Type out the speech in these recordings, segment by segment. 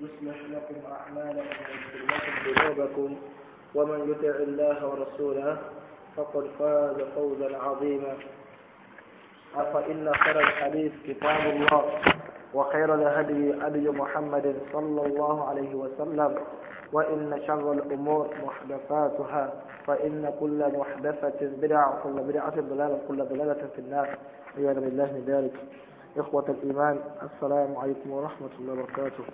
يصلح لكم أعمالكم ويغفر لكم ذنوبكم ومن يطع الله ورسوله فقد فاز فوزا عظيما أفإن خير الحديث كتاب الله وخير الهدي هدي محمد صلى الله عليه وسلم وإن شر الأمور محدثاتها فإن كل محدثة بدعة وكل بدعة ضلالة وكل ضلالة في النار عياذا بالله من ذلك إخوة الإيمان السلام عليكم ورحمة الله وبركاته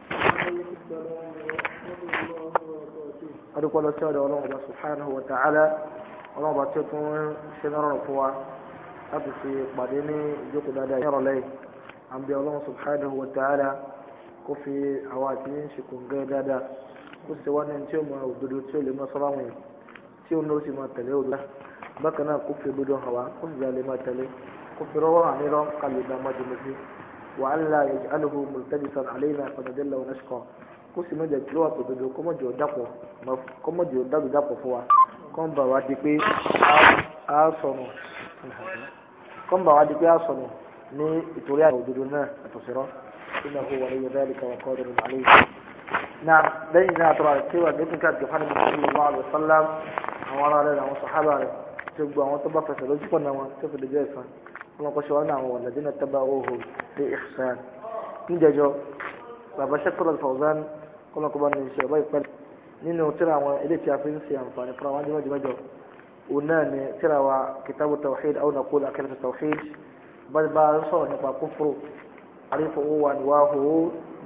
أدوك الله سعد الله سبحانه وتعالى الله باتكم سنرى القوى أبسي قديني جوك دادا يرى لي عم بي الله سبحانه وتعالى كفي عواتين شكون غير دادا كسوان انتيوم ودودو تيولي مصرامي تيو نورسي ما تليو بكنا كفي بدو هوا كنزالي ما تليو كفروا عنهم قال لنا مجمسي وألا يجعله ملتبسا علينا فنذل ونشقى kóòsì mẹjọ tí ó wà tó dodo kọmọjọ dàpọ̀ kọmọjọ dàbí dàpọ̀ fún wa kọmba wa di pé a sọnù kọmba wa di pé a sọnù ní ìtòrí àwọn òdodo náà àtọ̀sẹ̀rọ̀ iná kó wà lóye bẹ́ẹ̀ lìkà wà kọ́ ọdún àlẹ́ yìí. na lẹ́yìn náà tọrọ àti wà lẹ́kùn ká jọ hánà bíi sọ́lá wà lọ́sọ́lá àwọn ará rẹ̀ àwọn sàhábà rẹ̀ tó gbọ́ àwọn tó bá fẹsẹ̀ lójú pọ̀ náà wọn tó fi dèjọ́ ìfàn نقشوا أنا والذين اتبعوه في إحسان من جاء جو بابا شكر الفوزان كما كبان نشي الله يقبل نينو ترى وإلي تيافين سيام فاني فراوان جمع جمع جو وناني ترى كتاب التوحيد أو نقول أكلة التوحيد بل بعض صور نبا كفر عريف هو أنواه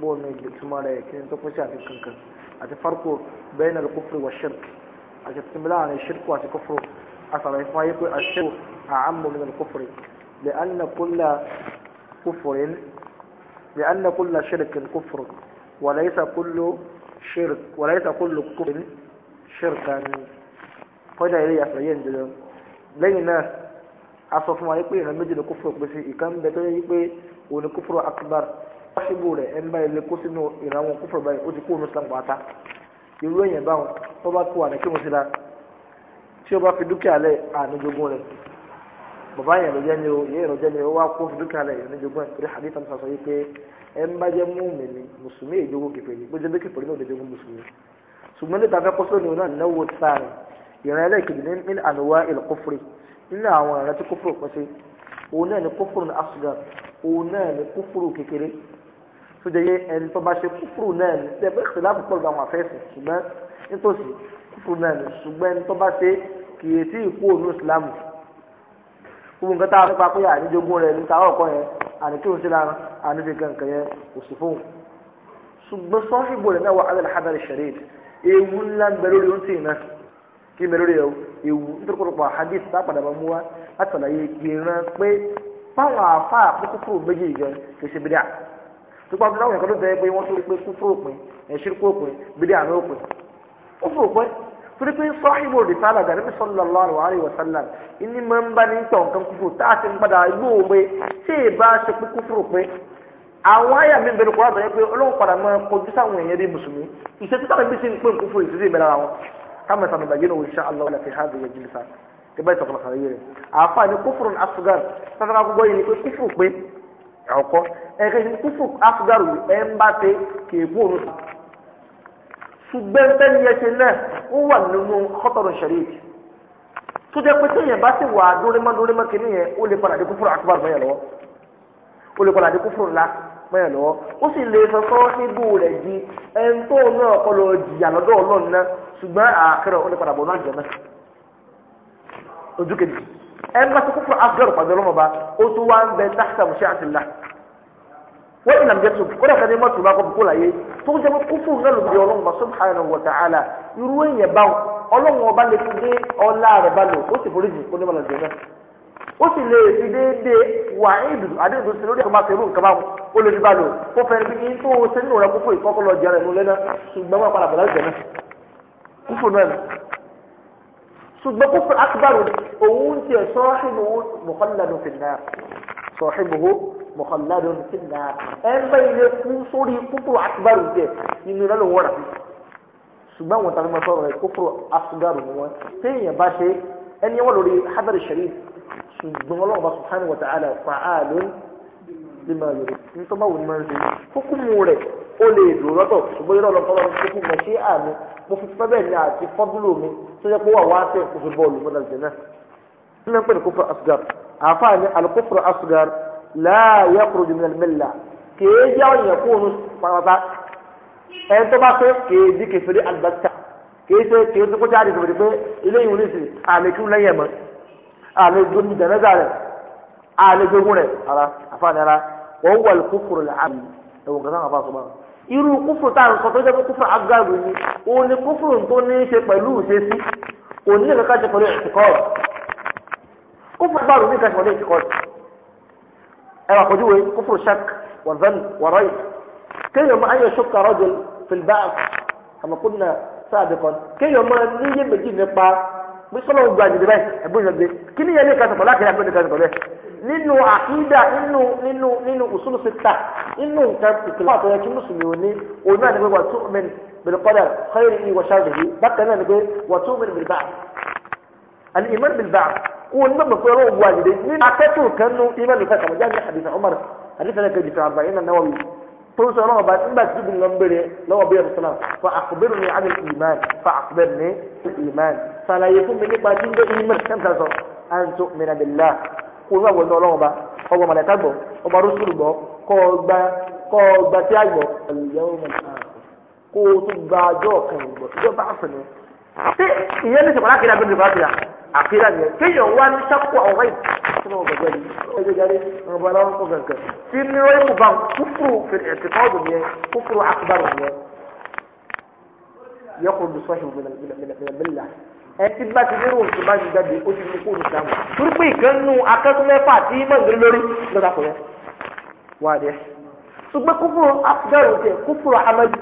بون جمالي كنين تقشا في كنك أتفرق بين الكفر والشرك أتفتملا عن الشرك وأتكفر أصلا يفايق الشرك أعم من الكفر لأن كل كفر لأن كل شرك كفر وليس كل شرك وليس كل كفر شركا kọ́dà ilé àfẹ́yẹ́ ìjọba lẹ́yìn náà a sọ fún wa pé ìran méjì ló kó fúrò pèsè ìkan bẹ tó yẹ pé òun ni kó fúrò akbar wáṣíbù rẹ̀ ẹni báyìí lè kó sínú ìran wọn kó fúrò báyìí ó ti kó òun sàǹgbà ta irú èèyàn báwọn tó bá kó àná kí mo ti la tí ó bá fi dúkìá lẹ̀ àná jogún rẹ̀ bàbá yẹn ló jẹ́ ni o ìyá yẹn ló jẹ́ ni o wá kó dúkìá rẹ̀ yẹn níjogún ẹ̀ torí hadith àmì sàṣọ yìí pé ẹ ń bá jẹ́ múmi ni mùsùlùmí ìjogún kèfèrí bó jẹ́ bí kèfèrí náà lójogún mùsùlùmí ṣùgbọ́n níta fẹ́ kọ́sọ́ ni náà náwó sáàrin ìran ẹlẹ́kìdì ní min ànúwá il kufri nínú àwọn ìran tí kófòrò pọ̀ sí òun náà ni kófòrò ní asùgà òun náà ni kófòrò kékeré tó jẹ́ ẹni tó bá ṣe kófòrò náà ni tẹ́ pé ìṣẹ̀láàbù pọ̀ lọ́wọ́ àwọn afẹ́sìn ṣùgbọ́n nítòsí kófòrò náà ni ṣùgbọ́n ẹni tó bá ṣe kìyèsí ìkú òun ìsìlámù gbogbo nǹkan tá a fẹ́ papọ̀ yà àníjogún rẹ̀ níta ọ̀kọ́ yẹn àníkírun sí lára àníjẹ kankan yẹn kò sí fóun ṣùgbọ́n sọ́ọ́ṣìbò rẹ̀ náà wà alẹ́ àbẹ̀rẹ̀ ṣẹ̀rẹ̀ ewu ńlá ń bẹ lórí oúnjẹ iná kí n bẹ lórí ewu nítorí pọ̀lọpọ̀ hadith tá a padà bá mú wa látàlàyé ìran pé báwọn àfa àkókò méjì ìjọ kì í ṣe bídà tó pàtó láwọn ìkọlù bẹ́ẹ̀ pé wọ́n tó pé kúfúrò pin ẹ̀ṣirikó pin bídà àná òpin ó fòrò pé torí pé sọ́hìbò rìsálà gàdé bí sallallahu alaihi wasallam ìní máa ń bá ní tọ̀ nǹkan kúfùrù tá a ti ń padà ìlú òwe tí ì bá ṣe pé kúfùrù pé àwọn àyà mi bẹ̀rù kúrò àtọ̀yẹ́ pé ọlọ́run padà máa kojú sáwọn èèyàn bíi mùsùlùmí ìṣe tí táwọn ibi ṣe ń pè ń kúfùrù ìṣe sí ìmẹ́lára wọn káàmì sàmì bàjẹ́ náà insha Allah fi hàn bí yẹjú lisa ìbá ìtọ̀kọ̀lọ̀ sàrẹ́ yẹrẹ ẹ̀ ń bá ṣe kéèkó òun ṣùgbọ́n tẹ́lẹ̀ yẹn ṣe náà ó wà nínú kọ́tọ̀rọ̀ ṣẹ̀ríìtì tó jẹ́ pé téèyàn bá sì wà dórímọ́ dórímọ́ kìíní yẹn ó lè padà dé kúfúrò àkúbàrù mẹ́yàn lọ́wọ́ ó lè padà dé kúfúrò ńlá mẹ́yàn lọ́wọ́ ó sì lè sọ́sọ́ níbù rẹ̀ di ẹni tó náà kọ́ lọ jìyà lọ́dọ̀ ọlọ́run náà ṣùgbọ́n àkẹrẹ ó lè padà bọ̀ náà jẹ́ mẹ́sàn ojú kejì ẹni bá sì kúfúrò àkúbàrù pàdé ọlọ́mọba ó tún wá ń bẹ táṣà mùsíà àtìlá wọ́n ìlànà jẹ́ tó kó tó ń jẹ́wọ́ kúfù náà ló di ọlọ́run bá subhanahu wa ta'ala irú èèyàn báwọn ọlọ́run ọba lè fi dé ọlá rẹ̀ bá lò ó sì forí jì kó ní mọ̀lẹ́ jẹ́ náà ó sì lè fi déédéé wà ìdùn àdéhùn sí lórí àkọ́mọ́ àfẹ́rù nǹkan báwọn ó lè rí bá lò ó fẹ́ rí i tó ṣe nínú rẹ̀ kúfù ìkọ́kọ́ lọ jẹ́ rẹ̀ ló lẹ́nà ṣùgbọ́n wọn padà bọ̀ láti jẹ́ náà ṣùgbọ́n kúfù akbar òun ti ẹ̀ sọ́ọ́ mọ̀kànlélọ́dún ti nà ẹ̀ ń bá ilé kú sórí kúkúrú àtibárù jẹ nínú iná ló ń wọ́ra ṣùgbọ́n wọn tàbí mọ́tò rẹ̀ kúkúrú àtibárù wọn téèyàn bá ṣe ẹni wọ́n lórí hadari sharif ṣùgbọ́n ọlọ́run bá subhanahu wa ta'ala fa'alun lima yorì nítorí báwo ni máa ń ṣe hukumu rẹ̀ ó lè dùn lọ́tọ̀ ṣùgbọ́n yọrọ lọ́kọ́ lọ́run tó kù mọ̀ sí àmì mo fi fẹ́ bẹ́ẹ̀ ni àti fọ́dúlò mi tó yẹ kó wà wá tẹ̀ kó fi bọ́ọ̀lù mọ́tò jẹ̀ náà. nínú pẹ̀lú kófò asgar àáfàá ni alukófò asgar láàyè kúrò jùmọ̀ mẹ́lá kèé jẹ́ àwọn èèyàn kó onú pàápàá ẹni tó bá fẹ́ kèé di kẹfẹ́rẹ́ àgbàtà kèé tó kèé tó kó jáde kẹfẹ́rẹ́ pé ilé ìwé nìsí àmì kí lẹ́yìn ẹ̀mọ́ àmì gbogbo jẹ̀nẹ́sà rẹ̀ àmì gbogbo rẹ̀ ara àfààní ara wọ́n wà kúkúrò làámi ẹ̀wọ̀n kan náà àfààní irú kúfùrù tá à ń sọ tó jẹ́ pé kúfùrù agbáàgbé ni òun ni kúfùrù tó ní í ṣe pẹ̀lú ìṣesí òun ní ìkankan ṣe pẹ̀lú ìṣìkọ́ọ̀tì kúfùrù agbáàgbé ní ìkankan ṣe pẹ̀lú ìṣìkọ́ọ̀tì أيوة، ايه عقودي كفر شك وظن وريب كيما اي أيوة شك رجل في البعض كما قلنا سابقا كيما ني يم دي نبا مي سلو غاني دي باي ابو نبي كني يلي يعني كاتب لك يا ابو نبي كاتب لك نينو عقيدة نينو نينو نينو أصول ستة نينو كتاب كلها طيب مسلمي ونا نقول وتؤمن بالقدر خيره وشره بقى نقول وتؤمن بالبعث الإيمان بالبعث wọn bẹ mọ̀pẹ́ ọlọ́run bu àyèdè nínú akẹ́tù kan nu iná lè fẹ́ kàmọ́ jáde àdìsàn Umar àdìsàn ẹ̀ka jìtàn àgbà yẹn náà wọ̀nyí tó ń sọ ọlọ́run ọba nígbà tí ibi nǹkan bèrè lọ́wọ́ bí ẹ̀rọ sọ́nà fa àkùbẹ́rù ni adé ìmán fa àkùbẹ́rù ni ìmán sàlàyé fún mi nípa a àkírà yẹn kéèyàn wá ní sákò àwọn ẹ̀yìn tí wọ́n gbàgbọ́ yìí ẹgbẹ́ jáde wọn bá láwọn kó kankan tí ní wọ́n mú bá kúfùrù ẹ̀tìkọ́dù yẹn kúfùrù akbar yẹn yẹ kó lu sọ́ọ̀ṣì mìlẹ̀mìlẹ̀ ẹtí bá ti dérò oṣù bá ti jáde ó ti fi kó olùkọ́ àwọn torí pé ìkànnù akẹ́kọ̀ọ́ mẹ́fà tí mọ̀gbìn lórí lọ́dà kọ̀ yẹn wà á dẹ́ ṣùgbọ́n kúfùrù akbar tẹ kúfùrù amadi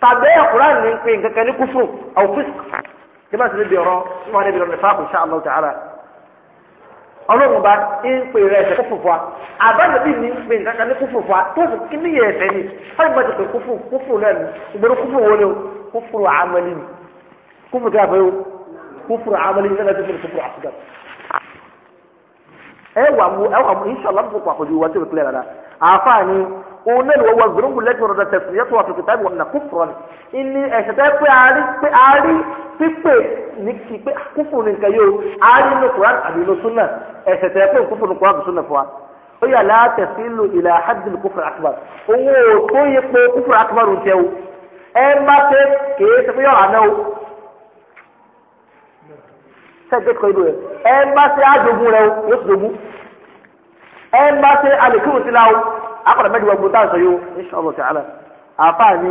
tàbẹ́ Quran ní pé nǹkan kan ní kúfùrù àwòfíìsì jẹ́mọ́ àti níbi ọ̀rọ̀ ní wọn níbi ọ̀rọ̀ nípa kò ṣá Allah ta'ala ọlọ́run bá ń pè rẹ̀ ẹ̀sẹ̀ kúfùrù fún wa àbájáde ní pé nǹkan ní kúfùrù fún wa tó sì kí ní yẹ ẹ̀sẹ̀ ni fáwọn ìgbà kúfùrù kúfùrù o kúfùrù àmàlì ni kúfùrù o kúfùrù àmàlì ni wà mú wà mú inṣàlá òun náà lọ́wọ́ gbòǹgbò lẹ́gbẹ̀rún ọ̀dọ̀ tẹ̀sán yẹ́tọ̀ ọ̀tọ̀ kìtà ìwọ̀n nà kúfùrọ̀ ni ìní ẹ̀ṣẹ̀ tẹ́ pé àárí pé àárí pípé ní kí pé kúfùrù ní nǹkan yóò àárí inú kuran àbí inú súnà ẹ̀ṣẹ̀ tẹ́ pé kúfùrù ní kuran àbí súnà fún wa. ó yà láàtẹ̀ sílù ìlà àjùm kúfùrù akbar owó tó yẹ pé kúfùrù akbar ń tẹ o ẹ má tẹ kèé tẹ fún yọ̀rọ̀ àná o. ẹ má tẹ àjogún rẹ o yóò akọ̀dà mẹ́jọ gbogbo táwọn sọ yóò inṣọ́lọ̀ tààlà àfààní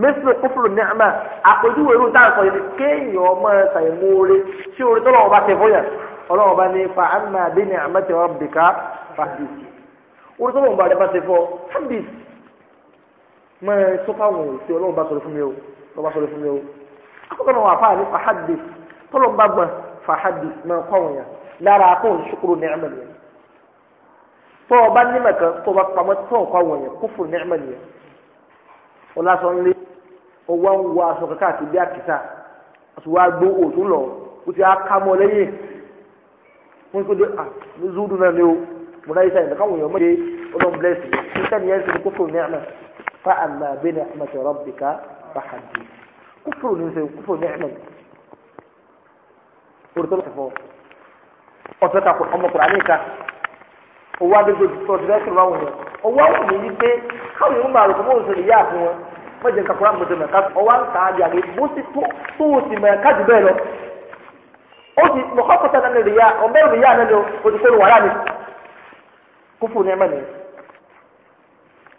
mẹ́sìlẹ̀ kúfùrù ní àmà àpèjúwe irú táwọn sọ yìí kéèyàn ọmọ ṣàyẹ̀ mọ́ọ́rẹ́ tí orí tó lọ́wọ́ bá tẹ fọ́yà ọlọ́wọ́ bá ní fa àmà bí ní àmà tẹ wọ́n bìkà fàdìsì orí tó lọ́wọ́ bá tẹ bá tẹ fọ́ fàdìsì mọ́ ẹ tó fáwọn òsì ọlọ́wọ́ bá sọ̀rọ̀ fún mi o lọ́wọ́ bá sọ̀rọ̀ fún mi o tọ́ ọba nímọ̀ kan tọ́ ọba pamọ́ tọ́ ọkọ àwọn yẹn kófò ní ẹ̀mọ́ nìyẹn ọlásán lé ọwọ́ ń wọ aṣọ kankan àti bí àkìsà àtúwá gbó òtún lọ ó ti á ká mọ́ lẹ́yìn wọ́n ti kó dé à ní zúdù náà ni ó mo náà yí sáyẹn káwọn èèyàn mọ̀ dé ọlọ́run bless you ní sẹ́ni yẹn ti ní kófò ní ẹ̀mọ́ fa àmà bẹ́ẹ̀ ní ẹ̀mọ́ tẹ̀rọ bìkà bá hà dé kófò ní sẹ́ kófò ní ẹ̀mọ́ òrùtọ́ ọ̀fẹ́ kakọ̀ ọmọkùnrin àníkà òwò adégbòdì tó ọdún lẹ́sìn máa wọ̀nyẹn ọwọ́ àwọn ènìyàn pé káwọn èèyàn máa rò pé ń ìyá àfin wọn wọ́n jẹ́ kakura mọ̀tò mẹ́ka ọwọ́ àgbẹ̀ bó ti tó ya ọ̀bẹ́ òbí yá náà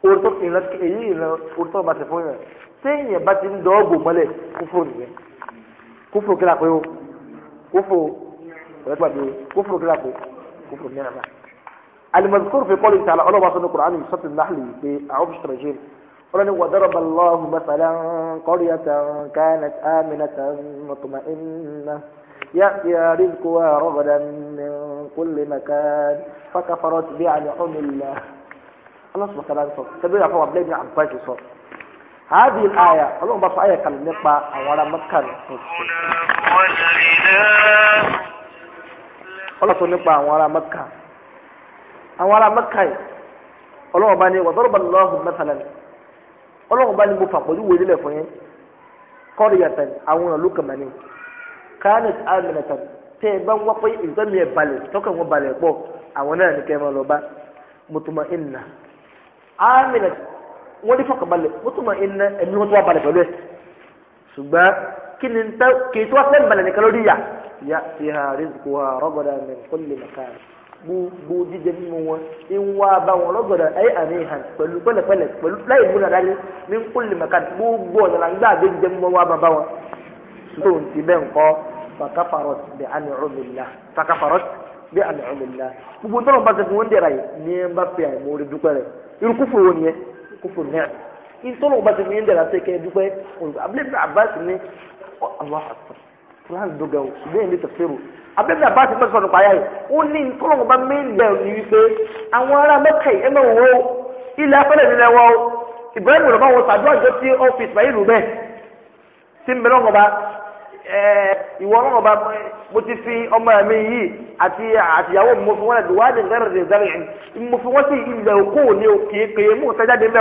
lọ ní ẹ̀mẹ́ ni èyí bá ti fún yẹn téèyàn bá ti ń dọ́ المذكور في قوله تعالى الله باصل القرآن من سورة النحل في أعوذ الرجيم قلنا وضرب الله مثلا قرية كانت آمنة مطمئنة يأتي رزقها رغدا من كل مكان فكفرت بعن حم الله الله سبحانه وتعالى تبين أفوه عبد الله بن عباس هذه الآية الله باصل آية كان نقبع أولا مكان الله سبحانه وتعالى نقبع أولا مكان àwọn ará mẹ́ka yìí ọlọ́wọ́n bá ní wàdọ́rọ̀ bá ní lọ́hùn mẹ́tàlá ni ọlọ́wọ́n bá ní mo fàpọ̀jù wo ilé fún yín kọ́ọ̀rì yàtọ̀ àwọn ìlú kàmá ni kánẹt àmìnàtà tẹ́ ẹ bá ń wá pé ìtọ́mi ẹ̀ balẹ̀ tọ́kàn wọn balẹ̀ pọ̀ àwọn náà ní kẹ́mọ́ lọ́ba mutuma inna àmìnàt wọ́n ní fọkànbalẹ̀ mutuma inna ẹ̀mí wọn tó wà balẹ̀ pẹ̀lú ẹ̀ ṣùgbọ́n kí gbogbo jíjẹ mímu wọn ìwà bá wọn lọ́gọ̀dọ̀ ayé àmì ìhàn pẹ̀lú pẹ̀lẹ́pẹ̀lẹ́ pẹ̀lú láì múna dárí ní kúlì gbogbo ọ̀nà làǹgbà àgbẹ̀ jíjẹ mímu wọn bá wọn. tó ń ti bẹ́ẹ̀ nkọ́ fakafarot bí àmì bí àmì gbogbo bá wọn ní ẹ bá orí irú yẹ náà bá wọn france ló gan o ṣùgbọ́n èmi tẹ̀síwò abẹ́bí àbáṣe bẹ́ẹ̀ sọ̀rọ̀ pààyà yìí o ní tọ́lọ́wọ́ bá méjì bẹ́ẹ̀ ni wípé àwọn ará mẹ́kà yìí ẹ̀mẹ̀ wo ilẹ̀ afẹ́lẹ̀ nílẹ̀ wọ ibrahim rẹ̀ bá wọn tàbí ọjọ́ tí ó fi ìsìláyé lù bẹ́ẹ̀ tí ń bẹ lọ́wọ́ bá ìwọ lọ́wọ́ bá mo ti fi ọmọ mi yìí àti àtìyàwó mo fi wọn lẹ̀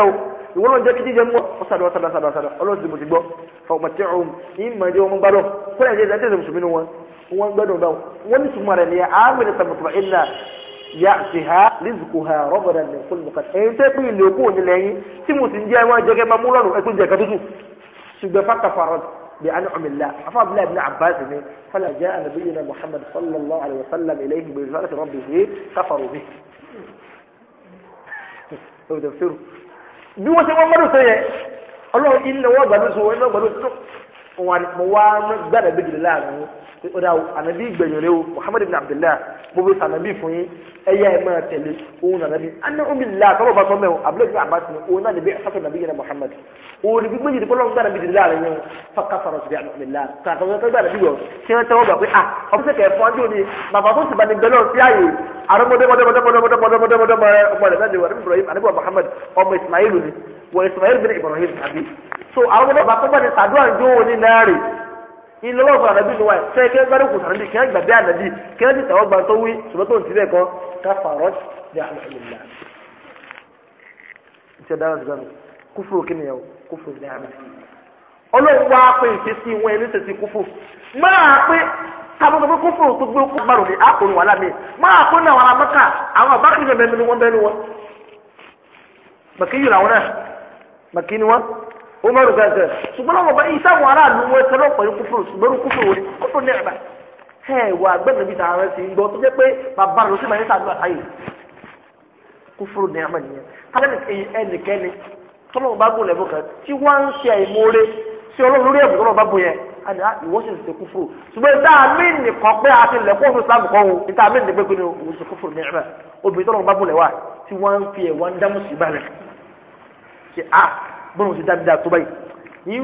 o ìwọ́n lọ́n jẹ́ kí jíjẹ mọ́ ọ sàdọ̀ sàdọ̀ sàdọ̀ sàdọ̀ ọlọ́run ti mo ti gbọ́ fọmọtí ọ̀hún ìmọ̀ ẹ̀jẹ̀ wọn gbádùn kúrẹ̀ ẹ̀jẹ̀ ẹ̀jẹ̀ ẹ̀jẹ̀ mùsùlùmí wọn wọn gbádùn báwọn wọn ní tùmọ̀ rẹ̀ ní àmìlẹ̀ tàbùtùmọ̀ ìlà yà sí ha rizqu ha rọ́bọ̀dà ní kúlù mọ̀kà ẹ̀yin tẹ́ pé ilé òkú òní lẹ́yìn tí mo sì ń jẹ́ wọn jẹ́gẹ́ máa mú lọ́rùn ẹ̀kú jẹ́ katutu ṣùgbọ́n fáka farad bí an ọmọlá afa abdullahi ibn abbas ni fala jẹ́ anabiyina muhammad sallallahu alayhi wa ilayhi bi risalati rabbihi kafaru bi. bí wọ́n ṣe wọ́n mọ́dún tó yẹ ọlọ́run ilẹ̀ wọ́n gbàdúrà sí wọn iná gbàdúrà sí wọn wà ní mo láàrin wọn ó dá ànábì ìgbẹ̀yìn rẹ o muhammad ibn abdullah mo fi sànábì fún yín ẹ̀yà ẹ̀ máa tẹ̀lé òun nànábì anna omi là tọ́lọ̀ bá sọ́mẹ̀ o abúlé ibn abbas ni òun náà níbi ẹ̀sọ́tọ̀ nàbí yẹn muhammad òun níbi gbẹ́yìn ìdíkọ́ lọ́wọ́ gbàdàbí dìde láàrin yẹn faka sọ̀rọ̀ sí àná omi là kàtàkùn gbàdàbí yọ kí wọ́n tẹ́wọ́ gbà pé ah ọ̀pọ̀sẹ̀ kẹ̀ fún ọjọ́ ni bàbá tó sì bá ní gbẹ́lọ́ sí ààyè àrọ́mọdé mọ́dọ́mọ́dọ́mọ́dọ́mọ́dọ́mọ́dọ́mọ́dọ́ ọmọ rẹ̀ náà ni wọ́n ní ibrahim àdébọ̀ muhammad ọmọ ismail ni wọ́n ismail bin ibrahim àbí so àwọn ọmọdé bàbá tó bá ní tàdúrà ń jó wọn ní náà rè ilé wọn fún anabi wa fẹ kí ẹ gbàdé kùtà anabi kí ẹ gbàdé anabi kí ẹ ti tàwọn gbà tó wí ṣùgbọ́n tó ń ti bẹ́ẹ̀ kọ́ káfàrọ́ ní alhamdulillah. ìṣe dára sí gbàmù kúfúrú kí nìyẹn o kúfúrú ní àmì. ọlọ́run wá pé ìṣesí wọn ẹni tẹ̀sí kúfúrú máa pé tàbí kúfúrú tó gbé ní máa pé náà mẹ́ka àwọn wọ́n bẹ́ẹ̀ ni wọ́n. umaru gẹgẹ ṣùgbọ́n àwọn ọba iṣẹ́ àwọn aráàlú wọn ẹsẹ̀ náà pẹ̀lú kúfùrù ṣùgbọ́n kúfùrù wọn kúfùrù ní ẹ̀bà ẹ̀ wà gbẹ́mìí bíi tààrà sí gbọ́ tó jẹ́ pé bàbá rẹ̀ ló sì máa ń sàdúrà táyé kúfùrù ní ẹ̀bà nìyẹn tálẹ́nì ẹnìkẹ́ni tọ́lọ́mù bá gùn lẹ́bùn kan tí wọ́n ń ṣe àìmọ́re tí ọlọ́run lórí ẹ̀bùn tọ́lọ́mù bá gùn yẹn a ní ah, ìwọ́n sì ṣe kúfùrù ṣùgbọ́n ìta àmì nìkan pé a ti lẹ̀kọ́ òfin islam kan o ìta àmì nìkan pé òun a bọ́n ṣe dáadáa tó báyìí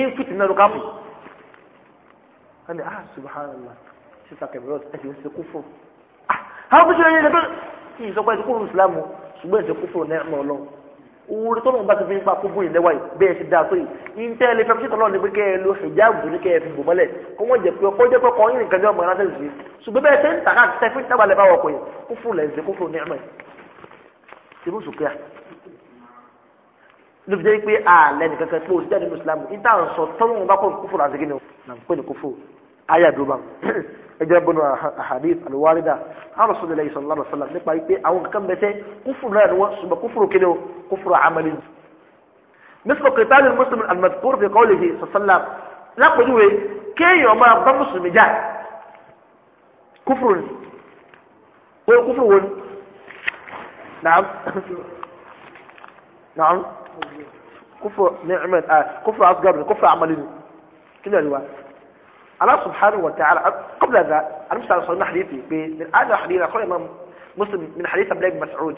ń fìtì náà lókà fún un ẹni ah subhanallah ṣe sàkẹ̀mọ́ ẹ ti ń ṣe kú fún un ah àwọn bó ṣe yẹ ẹ kí ìsọpọ̀ ẹ̀sìn kúrò ìsìlámù ṣùgbọ́n ẹ̀sìn kúrò náà lọ orí tọ́lọ̀ bá ti fi ń pa kó bóyin lẹ́wà yìí bẹ́ẹ̀ ti dáa tó yìí ìntẹ́ ilé fẹ́ fi tọ́lọ̀ ní pé kẹ́ ẹ lo hijabu ní kẹ́ ẹ fi bò mọ́lẹ̀ kó wọ́n jẹ pé ọkọ jẹ́ pé ló fi jẹ́ pé ààlẹ́ nìkan kan pé òsì jáde mùsùlùmí ìta ń sọ tọ́lọ́run bá kọ́ kúfùrù àti gíní nà ń pè ní kúfùrù ayé àdúrà ẹjẹ́ bọ́nu àhàdíf àlùwárídà àwọn sọ̀rọ̀ ilẹ̀ o nípa pé àwọn kankan bẹ́sẹ̀ kúfùrù náà ni wọ́n ṣùgbọ́n kúfùrù kíni o kúfùrù àmàlì. مثل قتال المسلم المذكور في قوله صلى الله عليه وسلم lápòjúwe kéèyàn máa bá mùsùlùmí jà kúfùrù ni wọ́n kúfùrù wọn. nàám nàám. kufru ni'mat ah kufru asghar ni kufru amali ni kila ni wa Allah subhanahu wa ta'ala qabla dha alimsa sallallahu hadithi bi min hadha hadith akhra imam muslim min hadith abdullah ibn mas'ud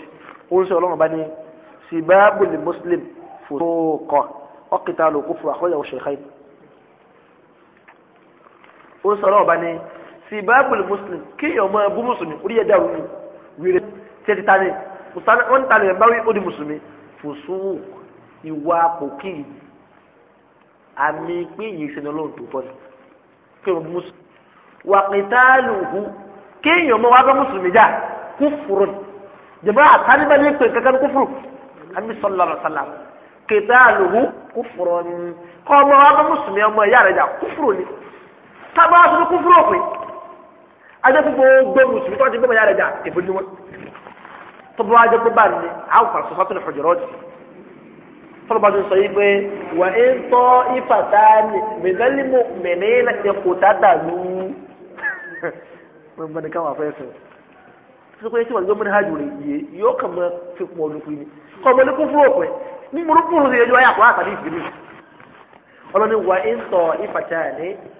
qul sallallahu bani sibabu lil muslim fusuqa wa qitalu kufru akhrajahu shaykhayn qul sallallahu bani sibabu lil muslim ki yawma bu muslim uriya daru ni wire tete tani musana on tani bawi odi muslimi fusuqa ìwà pòkì àmì pé èyí ṣe ní ọlọ́run tó tọ́ ni pé o mùsùlùmí wà qitaluhu kéèyàn mọ́ wàá bá mùsùlùmí jà kúfùrù jẹ̀bọ́ àtàníbà ní pé kankan kúfùrù àmì sallallahu alaihi wasallam qitaluhu kúfùrù ni kọ́ ọmọ wàá bá mùsùlùmí ọmọ ìyá rẹ̀ jà kúfùrù ni tábà wàá tún kúfùrù òpin ajẹ́ gbogbo gbé mùsùlùmí tó ti gbé ọmọ ìyá rẹ̀ jà èbó ni wọ́n tó bá wàá jẹ́ gbé báyìí tọ́lọ́bà tó sọ yìí pé wà á ń tọ́ ìfàtà mẹ́lẹ́límù mẹ́lẹ́ láti ẹ̀kọ́ tàdà lù ú. wọ́n bá ní káwọn afẹ́fẹ́ sọ pé tí wọ́n gbé mọ́ni hajj rẹ̀ yìí yóò kàn máa fi pọ̀ lùkù ni kọ́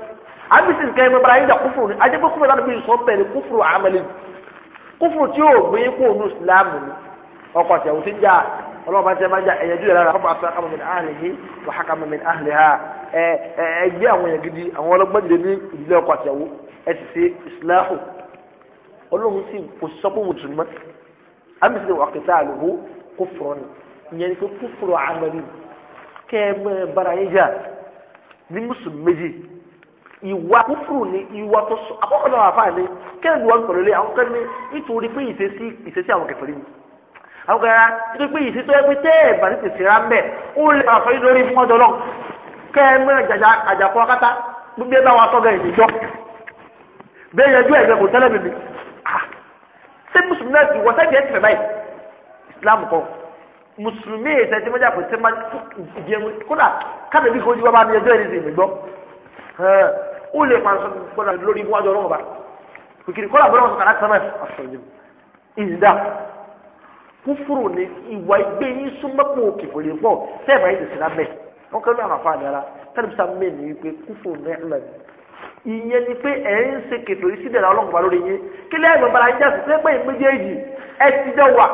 amisi kan mi bara ayida kufuru ni ajẹ́ pé kufuru náà bí sọ bẹ́ẹ̀ ni kufuru amali kufuru tí yóò gbé kó o nu silamu ni ọkọ̀ tẹ̀ o ti jà ọlọ́wọ́ bá tẹ̀ máa jà ẹ̀yẹ́jú yàrá rà fọ́pọ̀ àtàkàmù mi ahlihi wà hàkàmù mi ahliha ẹ ẹ ẹgbẹ́ àwọn yẹn gidi àwọn ọlọ́gbọ́n dè ní ìdílé ọkọ̀ tẹ̀ wo ẹ ti ṣe islahu ọlọ́run sì kò sọ pé mo tùmọ̀ amisi ni wà kìtà àlùkò kufuru ni ìyẹn ni kufuru amali kẹ́ ẹ bára yín jà ní mùsùlùmí ìwà kúfùrù ni ìwà tó sọ àkọ́kọ́ náà àfáà ni kẹ́ni wọn pẹ̀lú lé àwọn kẹ́ni nítorí pé ìṣesí ìṣesí àwọn kẹfẹ́ lẹ́yìn àwọn kẹ́ra nítorí pé ìṣesí tó yẹ pé tẹ́ ẹ̀ ní tètè ra ń ó lè àfẹ́ lórí fún ọjọ́ náà kẹ́ ẹ akátá bá wa sọ́gà ìdíjọ́ bẹ́ẹ̀ ẹ̀gbẹ́ kò tẹ́lẹ̀ ó lè pa sọ́dọ̀ lórí iwájú ọlọ́wọ́ bá kìkìrì kọ́lá bọ́lá wọn sọ̀tàrà sánà àfọ̀yìn ìdá kúfúrò ní ìwà ìgbé yín súnmọ́pọ̀ òkè kò lè pọ̀ sẹ́ẹ̀mà yìí tẹ̀sí lábẹ́ wọn kọ́ ní àwọn afáàní ara tẹ́lifísà mẹ́rin wípé kúfúrò mẹ́rin ìyẹn ni pé ẹ̀ ń ṣe kètò yìí sídẹ̀rẹ̀ ọlọ́nkọ̀ọ́ lórí yín kí lẹ́yìn ọ̀bára ń jẹ́sùn pé pé méjèèjì ẹ ti jọ wà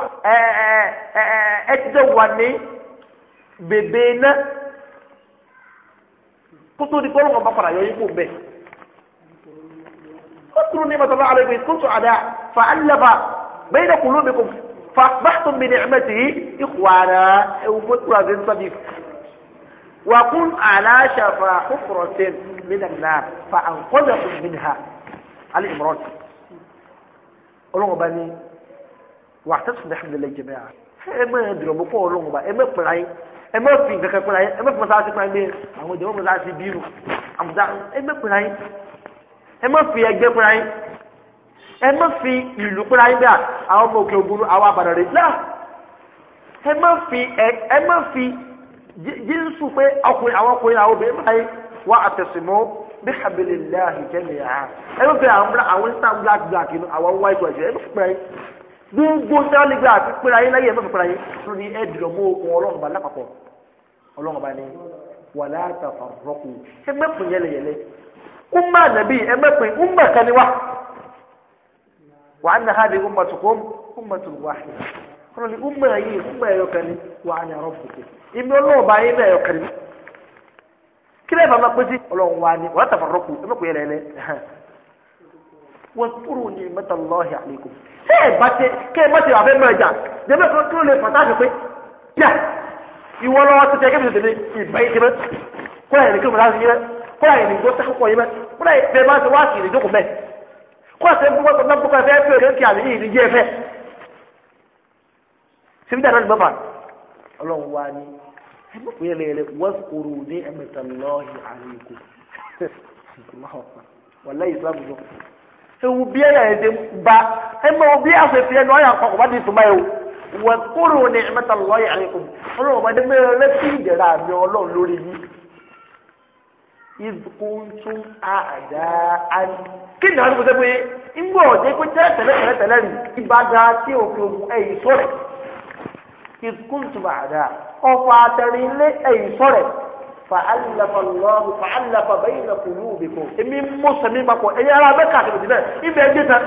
ẹ ti kótó ni kọ́lọ́nkọ̀ bá padà yọ yín kò bẹ́ẹ̀. فاذكروا نعمة الله عليكم إذ كنتم عداء فألف بين قلوبكم فأصبحتم بنعمته إخوانا وفتوى ذن صديق وكن على شفا حفرة من النار فأنقذكم منها علي إمران أولوغ بني واعتصم بحمد الله الجماعة إما يدرم بقوة أولوغ بني إما بلعي إما في ذكر كل عين إما في مساعدة أقول عين أما دوام مساعدة في بيرو أما دعم إما بلعي ẹ má fi ẹgbẹ́ pẹ́ra yín ẹ má fi ìlú pẹ́ra yín bẹ́ẹ̀ àwọn ọmọ òkè ògùn àwọn àbàdàn rẹ̀ náà ẹ má fi ẹ má fi jíńsù pé ọkùnrin àwọn ọkùnrin àwọn obìnrin báyìí wá àtẹ̀sìmọ́ bí ẹ má fi àwọn àwọn black black inú àwọn white white ẹ má fi pẹ́ra yín gbogbo sáálì gbà àti pẹ́ra yín láyé ẹ má fi yín ẹ mọ́ okun ọlọ́run lápapọ̀ wàlá àtàfà rọ́kù ẹ má umma nàbí ẹ mẹ́pin umma kan wá wàá nàá di umma tukùn umma tukùn wá ṣe kọ́nà ni umma yìí umma ẹ̀yọ kan ní wàá ní ọ̀rọ̀ bùkẹ́ ìmí ọlọ́ọ̀bá yìí náà ẹ̀yọ kan ní kí lẹ́ẹ̀ bá má pé sí ọlọ́run wá ní wàá tàfà rọ́pù ẹ mẹ́pin yẹn lẹ́lẹ́ wọ́n kúrò ní mẹ́tàlọ́ọ̀hì àlékún ṣé ẹ̀ bá ṣe kí ẹ má ṣe àfẹ́ mọ́ ẹja jẹ́mẹ́ kan tó lè pàtàkì pé yà ìwọ lọ́wọ́ ti tẹ́ kúrò àyè nìgbó tá púpọ̀ yín mẹ́ kúrò àyè bẹ́ẹ̀ máa ń sọ wá sí ìrìnjókòó mẹ́ kúrò àti ẹgbẹ́ wọn náà púpọ̀ ẹ̀fẹ́ pé kéèké àlè yìí níjẹ́ ẹ̀fẹ́. síbíjà náà ni bàbá ọlọ́run wá ní ẹgbẹ́ pé ẹlẹ́yẹlẹ wọ́n kúrò ní ẹ̀mẹ̀tàlọ́ọ̀hì àlèkò wọ́n lẹ́yìn islam lọ. ewu bí ẹ̀yà ẹ̀dẹ̀ ba ẹ̀ mọ bí àfẹ́fẹ́ ẹnu ọ̀yà kọ̀ọ̀kọ̀ bá di ìtumá yẹn o wọ́n kúrò ní ẹ̀mẹ̀tàlọ́ọ̀hì àlèkò ọlọ́run ọba dẹ́gbẹ́ lẹ́sìn ìdẹ̀ra àmì ọlọ́run lórí yìí ìdúkúntún àdá àrí. kí ni àdúgbò sẹ́pẹ́ ńgbọ́ ọ̀dẹ́ pé tẹ́lẹ̀ tẹ́lẹ̀ tẹ́lẹ̀ tẹ́lẹ̀ rí ìbága tí òfin ogun ẹ̀yìn sọ̀rẹ̀ ìdúkúntún àdá ọkọ̀ àtẹ̀rìn ilé ẹ̀yìn sọ̀rẹ̀ fàálàfàlọ́hù fàálàfà bẹ́yìn lọ́kùnrin òbíkọ́ èmi mú sẹ́mi papọ̀ ẹ̀yẹ ara mẹ́ka àti bòtí náà ibẹ̀ ẹgbẹ́ tán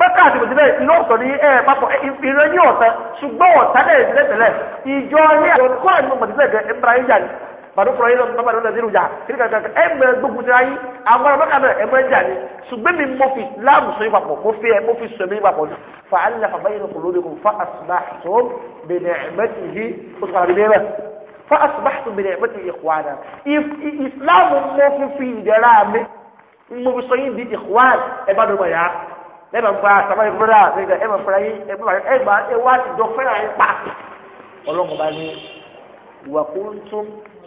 mẹ́ka àti bòtí náà iná ọ̀sọ̀ ní ẹ̀ papọ̀ ìrẹ́ni ọ̀tá ṣùgbọ́n ọ̀tá náà ìdílé ìjọ ilé àwọn kọ́ọ̀nù mọ̀tí náà gẹ̀ ẹ̀ ń bra ẹ̀yà ni bàdó fúnra yín lọ bàbá lọ́dọ̀ nínú ìjà kiri kankan ẹ mẹ gbogbo ti ayé àwọn ọmọ kan náà ẹ mọ ẹjà ni ṣùgbọ́n mi mọ fi láàmù sọ yín papọ̀ mo fi ẹ mo fi sọ yín papọ̀ ni fa alẹ́ fa báyìí lọ́kọ̀ lórí kò fa àtúbà tó bẹ̀rẹ̀ ẹ̀mẹ́tì yìí o sọ̀rọ̀ bíbẹ́ rẹ̀ fa àtúbà tó bẹ̀rẹ̀ ẹ̀mẹ́tì ìkwàdà ìsìláàmù mọ fi fi ìdẹ̀ra mi mo fi sọ yín di ìkwàd ẹ bá dọ̀ bàyà ẹ bá gba sábà ẹ bọ́dà ẹ bá fara yín ẹ bá ẹ bá ẹ wá ti jọ fẹ́ràn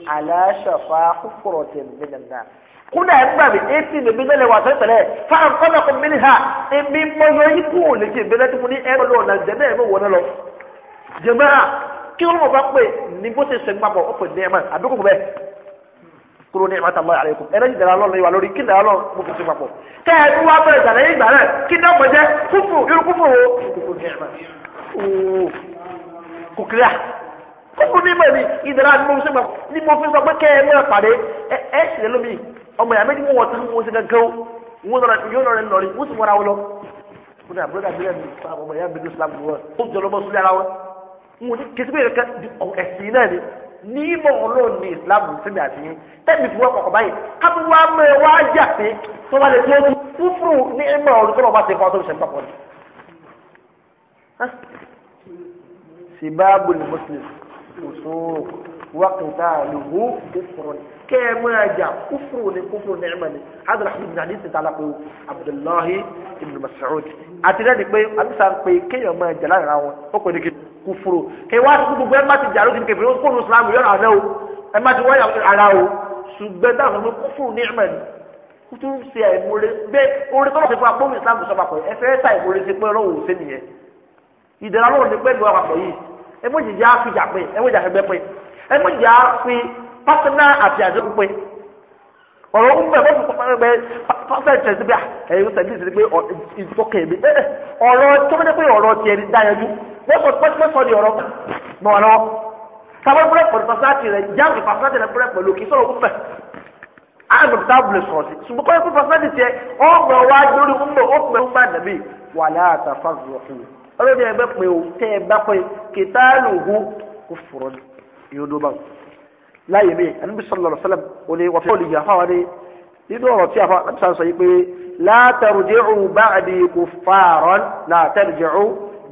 aláṣàfà fúfúrọ̀ tẹ̀ mílíọ̀nù náà kúnlẹ̀ ẹgbẹ́ mi etí mi bí lẹ́lẹ̀ wà tẹ́tẹ̀lẹ̀ fáwọn kọ́nà kan mílí ha ebi mọ́yọ́ yìí kú ò lè jẹ́ ìbílẹ̀ tó fún ní ẹ̀rọ lọ́wọ́ náà jẹ́ bẹ́ẹ̀ wọ́n lọ. jẹ̀mọ́ a kí wọ́n bá pè ní bó ṣe ṣe ń papọ̀ ó pè ní ẹ̀mọ́ àbí kò bẹ́ẹ̀ kúrò ní ẹ̀mọ́ tàbí àlẹ́ kù ẹ̀rọ yìí lọ́nà ìwà lórí kí dára lọ́nà kò kò kókó ní mẹ́rin ìdára ni mo fi sọ ni mo fi sọ pé kẹ́ ẹ máa pàdé ẹ ẹ sì lé lómi ọmọ ìyá méjì mú wọn tán wọn sì gángan o wọn lọrọ yóò lọrọ lọrí wọn sì wọra wọn lọ wọn ní àbúrò àbúrò ẹni fún àwọn ọmọ ìyá méjì islam wọn ó jọ lọmọ sílẹ̀ ara wọn wọn ní kẹsí bẹ́ẹ̀ kẹ ẹ̀sìn náà ni ní mọ̀ ọlọ́run ní islam sílẹ̀ àti yín tẹ́bi fún wọn kọ̀kọ̀ báyìí kábí wàá mọ ẹ wá jà pé tó bá lè tó fúfú ní ẹ̀mọ̀ ọ̀rọ̀ tó lọ́ bá ti ni. muslim fòsòrò wákìtà lòhó kófòrò ni kẹ́ẹ̀mọ́ ẹja kófòrò ni kófòrò ní ẹ̀mọ́ ni adúlá fi nàní ti ta lápẹ́ Abdullahi ibn Mas'ud àti rẹ́ni pé àbísà ń pe kéèyàn mọ́ ẹja lára wọn ó pè ní kófòrò kẹwàá tó gbogbo ẹ má ti jà lókè kẹfìrí ó kó nu Islam yọ̀rọ̀ àná o ẹ má ti wáyà ara o ṣùgbẹ́ dáhùn ní kófòrò ní ẹ̀mọ́ ni kótó ṣe àìmọ̀re bẹ́ẹ̀ orin tó lọ́ọ́ fi fún akpọ́mù Islam sọ́pàpọ̀ ẹ fẹ́ ta àìmọ̀re ti pẹ́ ọlọ́wọ́ òṣèlú yẹn ìdẹ̀rẹ̀ alọ́run ti pẹ́ lu àpapọ̀ yìí ẹ mọ jìjà fi jà pé ẹ mọ jà fẹgbẹ pé ẹ mọ jà fi pásínà àti àjọ pé ọ̀rọ̀ ń bẹ fọfún pàpàrọ bẹ pásínà ìtẹsí bẹ ẹyìn ń tẹlifí sí pé ìfọkẹ mi eh, eh, ọ̀rọ̀ tó bẹ pé ọ̀rọ̀ tiẹ̀ ní dáyanjú lẹkọọ pẹpẹsọ ni ọ̀rọ̀ mọ ọ lọ́wọ́ sábà búrẹ pẹ̀lú pásínàtì rẹ jáàmù pásínàtì rẹ búrẹ pẹ̀lú kí sọ̀rọ̀ ń bẹ àgbẹ̀ tábìlì sọ̀rọ̀ sí ṣùgbọ́n kọ́ ẹ̀kú tiẹ̀ ọgbọ̀n wájú lórí ń bọ̀ ó pẹ̀lú ọlọ́dẹ ẹgbẹ́ pé o tẹ́ ẹ bá pé kìtà lòhù kò fòrò yóò dó bá láyé mi ẹni bí alaihi wasallam ò ní wọ́n fi ọ̀lì yà fáwọn ní nínú ọ̀rọ̀ tí a fọ́ láti sàn sọ yìí pé je oun ba la tarji'u ba'di kuffaran la tarji'u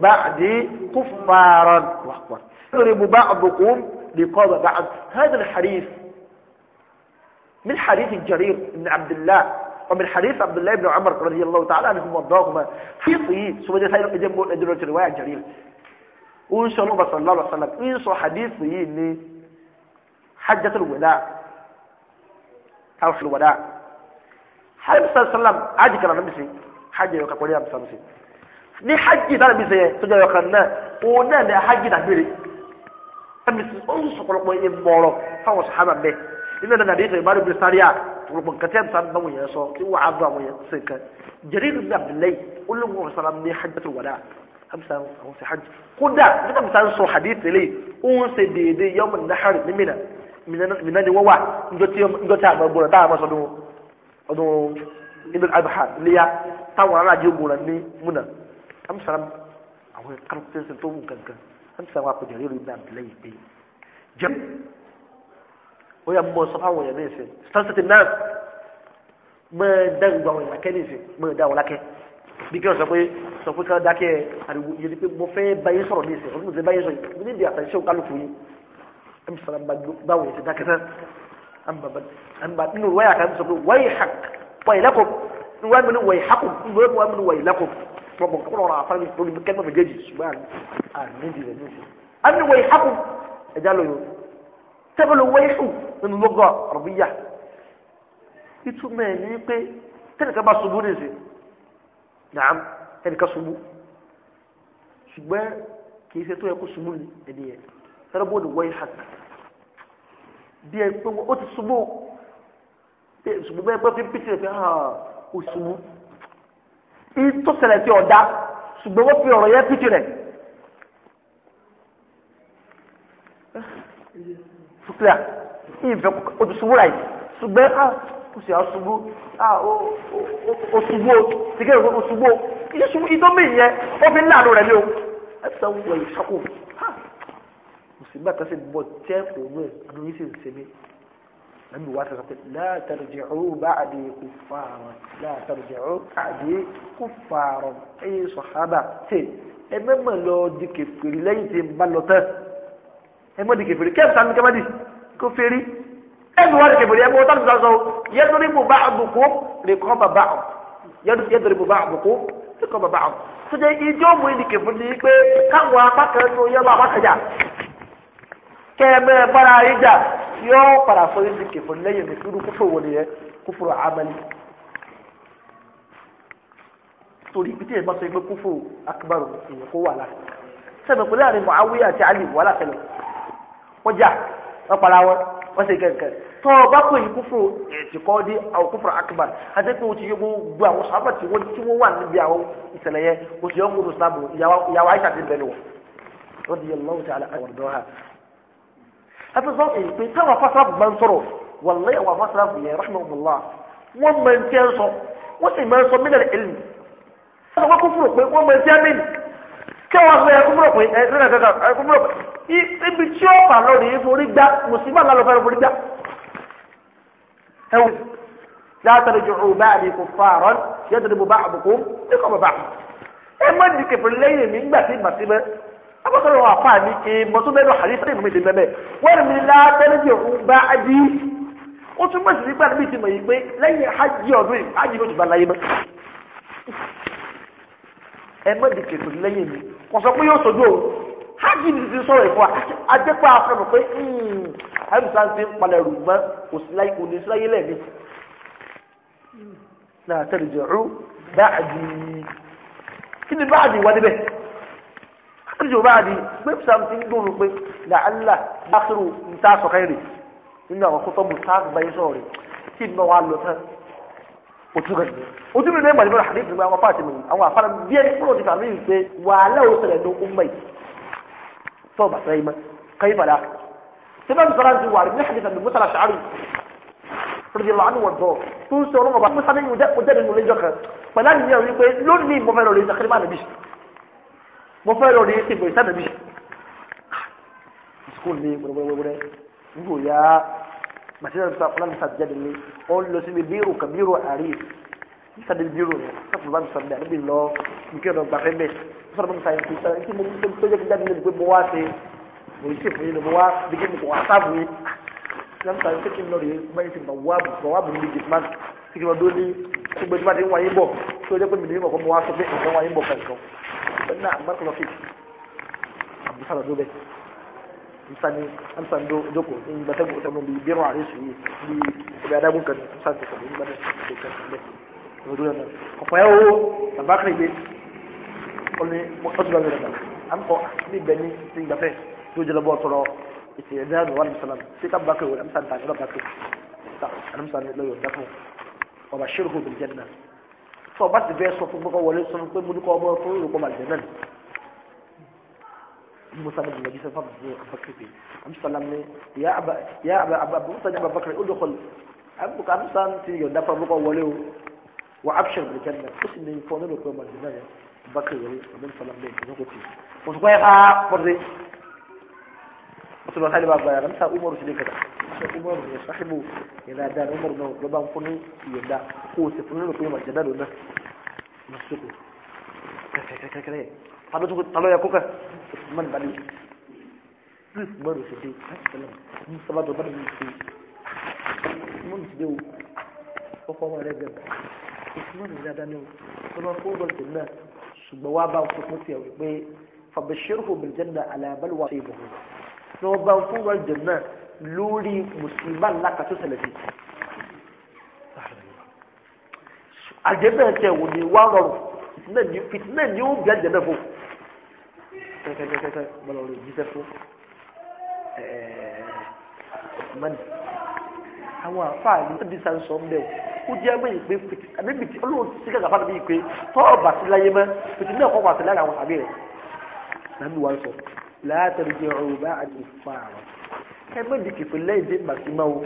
ba'di kuffaran wàhùn. يضرب بعضكم رقاب بعض هذا الحديث من حديث جرير بن عبد الله ومن حديث عبد الله بن عمر رضي الله تعالى عنهما وارضاهما في طيب سوى دي خير ادم ادم روايه جليل وان شاء الله صلى الله عليه وسلم ان صح حديث صحيح ني حجه الوداع او في الوداع حبيب صلى الله عليه وسلم عادي كلام نبي حجه يوكا يا ابو ni hajji da bi se to jo kan na o na le hajji da bere tabi on so ko ko e boro fa wa sahaba be ina gbogbo nǹkan tí a ta báwọn yẹn sọ tí wàá bá àwọn yẹn ṣe nǹkan Jarir ibn Abdullah olóńgbò ọ̀sán ní hajjatul wada hamsa àwọn ṣe hajj kódà nígbà tí a ń sọ hadith eléyìí ó ń ṣe déédéé yawm nahar ní Mina Mina ni wọ́n wà njọ́ tí a máa gbọ́dọ̀ dáhà máa sọdún ọdún ibn al-adha léyà táwọn aráàlú gbọ́dọ̀ ní múnà hamsa àwọn kan tó ń ṣe tó ń kankan hamsa wà kó Jarir ibn Abdullah pé jẹ́ ويا مصطفى ويا ميسي استنست الناس ما دغبا ويا كنيسي ما دا ولا كي bí kí wọ́n sọ pé sọ pé ká dákẹ́ àríwò yẹn ni pé mo fẹ́ báyé sọ̀rọ̀ ní ìsìn ọdún tí báyé sọ yìí níbi àtàlẹ́sẹ̀ òkálùkù yìí ẹ̀mí sọ̀rọ̀ báwo yẹn ti dákẹ́ tán àmì nínú wáyà kan sọ pé wáyé hàk wáyé lákò nínú wáyé mìíràn wáyé hàkò nínú wáyé mìíràn wáyé lákò pọ̀pọ̀ kúrò ọ̀rọ̀ àfáàní lórí kẹ́lẹ́ méjèèjì ṣùgbọ́n àmì tẹ́bùlù wẹ́ṣù nínú lọ́gọ́ àrùbíyà ìtumọ̀ ẹ̀ ní pé tẹ́nìkan bá ṣubú ní ìsìn náà tẹ́nìkan ṣubú ṣùgbọ́n kì í ṣe tó yẹ kó ṣubú ní ẹni yẹn tẹ́rẹ́ bó ni wọ́n hàn ó ti ṣubú ṣubú bẹ́ẹ̀ pé pípítì rẹ̀ pé ó ṣubú ìtò ṣẹlẹ̀ tí ọ̀dá ṣùgbọ́n wọ́n fi ọ̀rọ̀ yẹn pípítì rẹ̀ sùkúlà ìfẹ́ ojú ṣubú láì ṣùgbẹ́ ah kò sí àṣubú ah o ṣubú o tìkẹ́ ìwé o ṣubú o kì í ṣubú idó mi yẹn ó fi ń láàánú rẹ̀ ní o ẹ sọ wọ ìṣọ́kù mùsùlùmí àtàṣe bọ̀ tẹ́ òun àdúró yìí sì ń ṣe mí lẹ́nu wa sọ pé látàrùjẹ̀ọ́ bá àdé kò fààrọ̀ látàrùjẹ̀ọ́ àdé kò fààrọ̀ ẹ̀yin sọ̀hábà tẹ̀ ẹ mẹ́mọ̀ lọ di kẹfìrí lẹ́yìn tí ń bá lọ tán ẹmọ́dì kẹfẹ́rí kẹ́ẹ̀fù sàmì kẹ́mọ́dì kó fẹ́rí ẹ̀fù wọ́n kẹfẹ́rí ẹmọ́ tàbí sàṣọ yẹ́dúrí bù bá àbùkù rẹ̀kọ́ bàbá ọ̀ yẹ́dúrí bù bá àbùkù rẹ̀kọ́ bàbá ọ̀ tó jẹ́ ijó mú ìdí kẹfẹ́rí ni pé káwọn apákan tó yẹ bá apákan jà kẹ́ẹ̀mẹ́ bára ìjà yóò padà sọ ìdí kẹfẹ́rí lẹ́yìn mi irú kúfò wọ nìyẹn kúfòrò amali torí ibi tí ẹ bá sọ pé kúfò akíbarò èèyàn kó wà láti sẹ́mi pẹ̀lú àárín Muawiya àti Ali wà látẹ̀lẹ̀ kọjá wọ́n para wọn wọ́n ṣe kẹ̀kẹ́ tó o bá pè yí kúfùrù ẹ̀tìkọ́ dé àwọn kúfùrù akbar àti pé o ti yẹ gbogbo àwọn sábà tí wọ́n tí wọ́n wà níbi àwọn ìṣẹ̀lẹ̀ yẹn o ti yọ kúrò sábà ìyàwó àyíṣà ti bẹ̀rẹ̀ wọ̀ lọ́dí yẹn lọ́wọ́ tí alẹ́ àwọn ọ̀dọ́ ha. a ti sọ èyí pé táwọn afásàbù máa ń sọ̀rọ̀ wàlẹ́ àwọn afásàbù yẹn rahmanullah wọ́n máa ibi tí ó fà lórí ìforí gbá mùsùlùmí àlọ́ fẹ́ràn forí gbá ẹwù látàrí ju ọ̀rọ̀ bá àdìkù fààrọ̀ yẹ́dọ̀ dìbò bá àbùkù níkọ̀ bàbá ẹ má di kẹfẹ́ lẹ́yìn mi gbà tí màtí bẹ́ abọ́sọ̀rọ̀ wà fà ní kí mọ̀tún bẹ́ẹ̀ lọ àdìsí ní ìmọ̀mí ti bẹ́ẹ̀ bẹ́ẹ̀ mi látàrí ju ọ̀rọ̀ bá àdì tún mọ̀ sí nígbà níbi ti mọ̀ yìí pé lẹ́yìn hajj ọdún yìí hajj ló ti bá láyé mọ́ ẹ má di kẹfẹ́ lẹ́yìn mi wọ́n pé yóò sojú hajj ni ti sọ̀rọ̀ ìfọ adépa afẹnù pé ẹnìta ti ń palẹ̀ rù mọ́ òní síláyé lẹ́ẹ̀mí náà tẹ̀lé jẹ̀rú báàdì kí ni báàdì wá níbẹ̀ hajj báàdì pé sàmtì ń dùn pé làálà dákìrù ń ta sọ̀kẹ́ rè nínú àwọn kótó mu tá àgbà yín sọ̀rọ̀ rè kí ni wàá lọ tán ojú rẹ̀ ni ojú rẹ̀ ní ìgbàlódé rẹ̀ àdéhùn àwọn afáàtì mi àwọn afáàtì bí ẹni kúrò ti fàmí ìgbé wàhálà òṣèlè ní ó mọ̀ yìí. توبة دائما كيف لا سبب زران جوار بن حديث من متر شعري رضي الله عنه وارضاه تو سورون وبا مصابين ودا ودا من لي جوكر فلا ني يوي بي لون مي مو فيرو لي تقريبا نبي مو فيرو لي تي بي تنبي سكول لي بره بره بره نقول يا ما تقدر تقول فلان مسجد لي قول له سمي بيرو كبيرو عريف sàbí bírò yẹn sọ́kùnrin bá mi sọ̀rọ̀ dàbí bí lọ nìkẹ́ lọ gbàfẹ́ bẹ́ẹ̀ sọ́kùnrin bá mi sàyẹ̀kú sọ̀rọ̀ kí ni tó jẹ́ kí dábì lẹ́nu pé mo wá ṣe mo ṣe fún yín ni mo wá dégé mi kò wá sáàbù yín lẹ́nu sàyẹ̀kú pé kí n lọ rèé mo máa ń ṣe bọ̀ wá bọ̀ wá bọ̀ níbi jìtìmá kí wọ́n dó ní gbogbo ìgbà tí wọ́n yín bọ̀ tó jẹ́ pé mi nìyí mọ̀kọ́ mo wá sọ pé nǹkan wọ́n yín bọ̀ kẹ̀kọ́ bẹ́ẹ̀ náà àgbà kọlọ́ fìk àbúsàlọ̀ dó bẹ́ẹ̀ nsani ansan do joko in ba ta go ta mun bi biro a reshi bi ba da mun kan san ta ko in ba da kan lójú ẹ̀mọ́ ọ̀pọ̀ ẹ̀ wo babakari gbé ọ̀lẹ́ ọ̀dúnlá mi rẹ̀ à ń kọ́ ní bẹ̀ ní ti gbafẹ́ tó jẹ́ lọ́bọ̀ tọrọ ìtìyẹ̀ dáhùn wà lùsọ̀lá sí ká babakari wọlé amúsàn tàn babakari ta amúsàn lọ́yọ̀ dákun ọba ṣírùkù bìí jẹ́nà tó ọba ti bẹ́ẹ̀ sọ fún gbọ́kọ̀ wọlé sọ pé mo dúkọ́ ọmọ fún ìrùkọ́ màlẹ̀ náà musa bin nabi sallallahu alaihi wasallam amsalam ne ya aba ya aba abu musa ne babakar udkhul abu kamsan ti yonda fa buko wole o وأبشر بالجنة اسم فونو له يوم الجنة بكر ولي ومن فلم بين نقطي فردي. فرد وصلوا حالي بابا يا رمسا عمر شدي كذا عمر يصاحبه إلى دار عمر نو لبا مفني يدا هو تفني له يوم الجنة ولا نسكو كذا هذا تقول تلو يا كوكا من بالي عمر شدي سلام سبعة بدر من شدي عمر شدي وفما لا يجب islam ní dáadáa ní o lọ́nà kó wọ́n jẹ̀ náà ṣùgbọ́n wá bá wọn fún tiẹ̀ wípé fàbẹ̀ṣẹ́rù bẹ̀rẹ̀ jẹ́ náà alábẹ́lẹ̀ wà sí ìbùkún ní wọ́n bá wọn fún wọn jẹ̀ náà lórí mùsùlùmá ńlá kàtó ṣẹlẹ̀ sí. àjẹbẹ́ tẹ̀ wò ní wá rọrùn fìtínà ni ó bí àjẹbẹ́ fún kẹ́kẹ́kẹ́kẹ́ bọ́lá orí jíṣẹ́ fún ẹ̀ẹ́dẹ́gbẹ̀rún àwọn àfáà ní ọdún ń sọ ń bẹ̀rù ó jẹ́ ẹgbẹ́ yìí pé fìtì àbíbi tí olóhùn ti kẹ́kẹ́ àfáàdé bíi pé tọ́ ọ̀bà sí láyé mọ́ fìtì náà kọ́ wà sí lára àwọn àbí rẹ̀ nàbí wà sọ látàrí jẹ ọ̀rùbá àti fààrọ̀ ẹ má di kẹfẹ lẹ́yìn dé màsí máa wo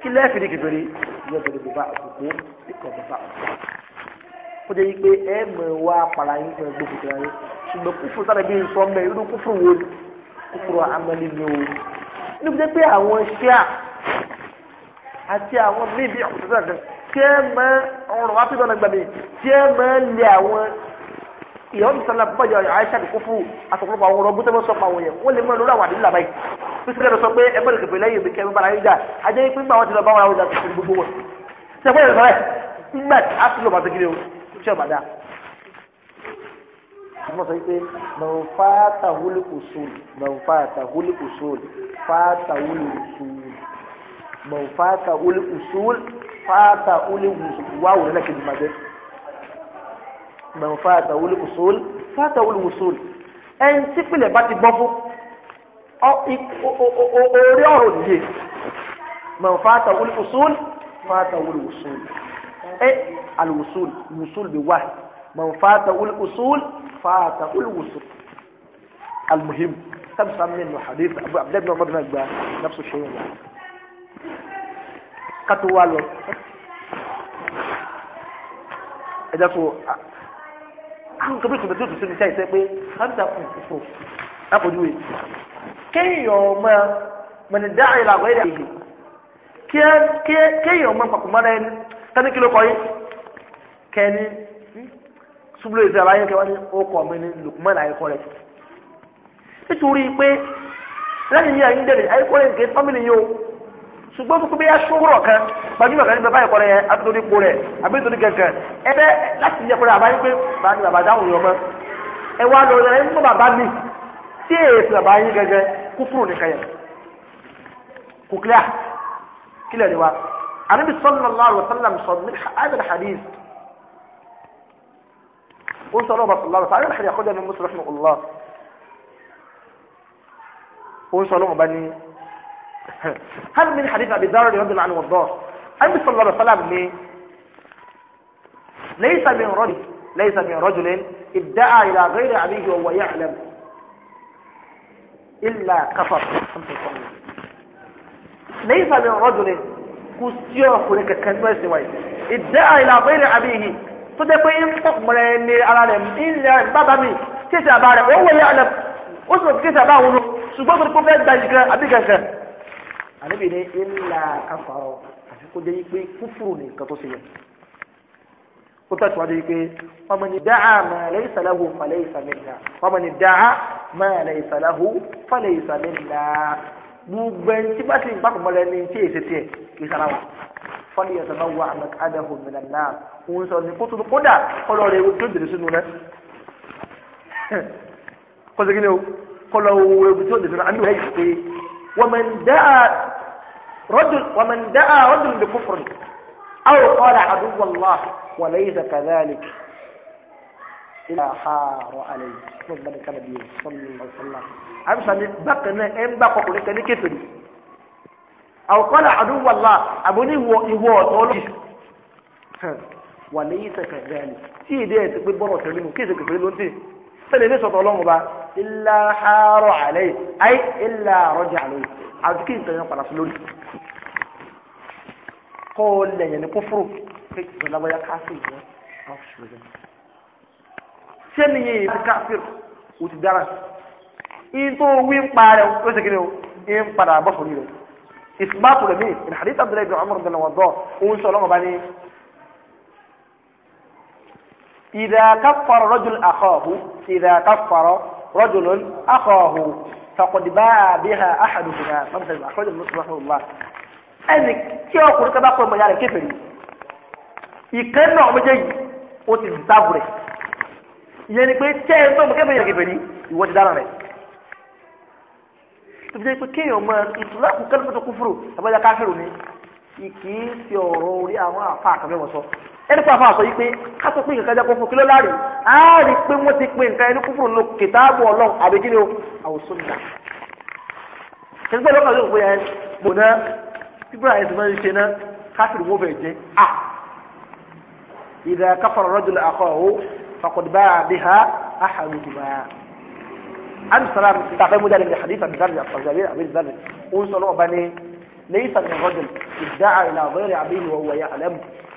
kí lẹ́yìn fi di kẹfẹ rí yóò bẹ̀rẹ̀ bàbá àkókò ikọ̀ bàbá àkókò ó jẹ́ pé ẹ mọ̀ wá para yín fún ẹgbẹ́ òkúta yín ṣùgbọ́n kúfù sára bíi sọ mẹ́ irú kúfù wo kúfù amẹ́lí ni o níbi pé àwọn ṣíà àti àwọn bíbí ọ̀kúta tí ẹ máa ọrùn wá pípọ̀ náà gbàgbé tí ẹ máa lé àwọn ìyàwó mi sọlá bọ́jà àyíṣà kò fún asọ̀kúrọ̀pọ̀ àwọn ọ̀rọ̀ gbọ́tẹ́ sọ pàwọn yẹn wọ́n lè mọ lórí àwọn àdínlá báyìí pípẹ́ kẹ́rọ sọ pé ẹgbẹ́ rẹ̀ kẹfẹ́ lẹ́yìn ìbíkẹ́ bára yíjà ajẹ́ pé nígbà wọn ti lọ bá wọn àwọn ìjà tuntun gbogbo wọn ṣẹgbẹ́ rẹ̀ sọ́rẹ́ nígbà tí a ti lọ bá segin o ṣe ọ̀bà mo sọ pé màá fa tàwúlì usul màá fa tàwúlì usul fa tàwúlì usul màá fa tàwúlì usul فات أولي واو لك المدى من فات أولي أصول فات أولي أصول ẹn tí pìlẹ̀ bá ti gbọ́ fún orí ọ̀rọ̀ nìyẹ man fata wuli usul fata wuli usul ẹ alwusul wusul bi wá man fata wuli usul fata wuli usul almuhim tabsan min hadith abu abdullah bin umar bin agba nafsu shay'in kátó wá lọ ẹjá tó àwọn kẹfẹ́ kẹfẹ́ tó tó sóbi sáyẹsẹ pé hamza kù fò lápòjúwe kéèyàn máa mẹni dá àyè làwọn èdè àyè kéèyàn máa pàkó mọ́ra ẹni tani kí ló hmm, kọ́ yìí kẹ́ni súbúlò ìsìn àbáyé kẹwàá ní ọkọ̀ mi ní lùkùmọ́nà àyíkọ́ rẹ̀ nítorí pé lẹ́yìn ní àyíndẹ̀rẹ̀ àyíkọ́ rẹ̀ nǹkan fámìlì yìí o ṣùgbọ́n fúnfún bẹ́yà ṣòwúrọ̀ kan gbajúmọ̀ kan ní bàbá ìkọ̀rẹ́ yẹn àtúntò ipò rẹ̀ àbẹ́tò ní kankan ẹbẹ́ láti yẹ pẹ̀lú àbáyé pé bàbá ni bàbá dáhùn yọmọ ẹ wá lọ rẹ mú bàbá mi tí èèfì bàbá yín gẹ́gẹ́ kú fúrò nìkan yẹn kò kílíà kílẹ̀ ni wa àbíbi sallallahu alaihi wasallam sọ ní àyẹ̀dẹ̀ hadith ó sọ lọ́wọ́ sallallahu alaihi wasallam àyẹ̀dẹ̀ hadith ó هل من حديث أبي ذر رضي الله عنه وارضاه النبي صلى الله عليه وسلم ليه ليس من رجل ليس من رجل ادعى إلى غير أبيه وهو يعلم إلا كفر ليس من رجل كسيره هناك كنوة سواي ادعى إلى غير أبيه فدفع ينطق مريني على لهم إلا بابا مي كيسا بارك وهو يعلم أسرق كيسا باونه سبب الكفر دايك أبي كيسا ànábì ní ilà káfàárọ̀ àti kó jẹ́ pé kúfùrù ní nǹkan tó ṣe yẹn ó tẹ̀síwájú pé ọmọ ni dáa máa lẹ́yìn sàlẹ́hu falẹ́ ìsàmìlá ọmọ ni dáa máa lẹ́yìn sàlẹ́hu falẹ́ ìsàmìlá gbogbo ẹni tí bá ti ń bákan mọ́lẹ̀ ní tí èsì tiẹ̀ kì í sára wa fọ́lì yẹn sọ́nà wà àmì àdáhù mìíràn náà òun sọ ní kótó kódà kọlọ́ọ̀rẹ́ ewu tó dèrè sínú rẹ kọ́sẹ́gínlẹ̀ kọlọ́ọ̀rẹ́ ewu tó dèrè sínú rẹ àmì wọ́n mẹ́ ń dáa رجل ومن دعا رجل بكفر أو قال عدو الله وليس كذلك إلا حار عليه صلى الله عليه وسلم أمسى نتبقنا إن بقى قلت لكفر أو قال عدو الله أبني هو إيوه طولي وليس كذلك تي دي تقول برو تلمو كيف كفر لون تي سنة نسوة الله مبارك إلا حار عليه أي إلا رجع له عاوز كيف تنقل أصلول قول لي يعني كفر ولا بيا كافر أفش بجان سمي الكافر وتدرس إنتو وين بارا وزك له إن بارا بخلي له إثبات لمين إن عبد الله بن عمر بن وضع وإن شاء الله إذا كفر رجل أخاه إذا كفر رجل أخاه فقد باع بها أحدهما مثلا أخرجه مسلم رحمه الله ẹnì tí ọkùnrin kan bá kọ ọmọya rẹ kéferì ìkan náà ọmọ jẹyìí ó ti dùn táàbù rẹ ìyẹn ni pé tẹ ẹ ń tọ́ ọmọ kéferì rẹ kéferì ìwọ ti dára rẹ tó fi jẹ́ pé kéèyàn ọmọ ìtùlákù kẹ́lẹ́fẹ́ tó kún fúrò àbájá káfíìrù ni kì í fi ọ̀rọ̀ orí àwọn àfa àkàmẹ́wọ̀ sọ. ẹni tó àfáà sọ yìí pé kátó pé nǹkan jẹ́kọ́ fún kí ló láàrin á rí pé wọ́n ti pè nǹkan ẹni kúfùrù nù kìtáàbù ọlọ́run àbíkí ni o àwòsùnà. ṣètò pé lọ́kàn yóò fún yẹn bò náà bíbélà yẹn ti máa ń ṣe náà káfíìrì wọ́n fẹ́ jẹ́ à. ìdá káfàrọ̀ rọ́jò lè àkọ́ ò fàkọ̀dùbá àbí ha àhàrùdùbá. àbísọ̀rọ̀ tàfẹ́ mú jáde ní hadith àbíkárì àfàzàrí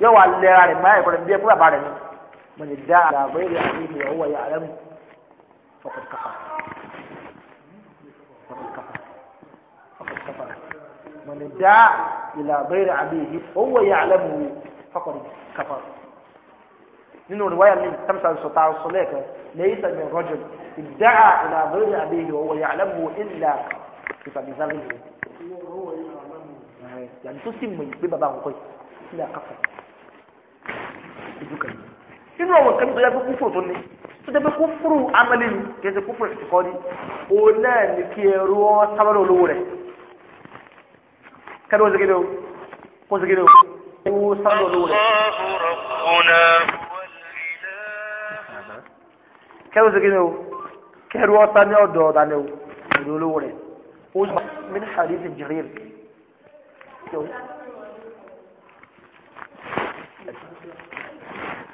yóò wá lẹ́ra rẹ̀ máa ẹ̀kọ́ rẹ̀ bí ẹkú bàbá rẹ̀ ni mo lè dá àgbà èrè àti ìlú ọwọ́ ya rẹ̀ mu fọkàn kápá fọkàn kápá fọkàn kápá mo lè dá ìlà àgbèrè àbí ìlú ọwọ́ ya rẹ̀ mu fọkàn kápá nínú rìwáyà mi tẹ́mítà sọ̀tà sọ̀lẹ̀ kan lẹ́yìn sẹ́mi rọ́jòl ìdáhà ìlà àgbèrè àbí ìlú ọwọ́ ya rẹ̀ mu ìlà ìfàmìsáfìlì. yàtọ̀ sí mọ̀ ìgbé bàbá àwọn kọ́ yìí sílẹ̀ àkàfọ̀. ìlú kan nínú àwọn kan tó yẹ kó kúfùrù tó ní tó jẹ́ pé kúfùrù amẹ́lì ni kì í ṣe kúfùrù ìtìkọ́ ni òun náà ní kí ẹrú ọ sábàlú olówó rẹ̀ kẹ́ni ó segin ní o kó segin ní o owó sábàlú olówó rẹ̀. kẹ́ni ó segin ní o kẹ́rù ọ sá ní ọ̀dọ̀ ọ̀dà ní o ìlú olówó rẹ̀ ó yà mí ní hadith Jarir.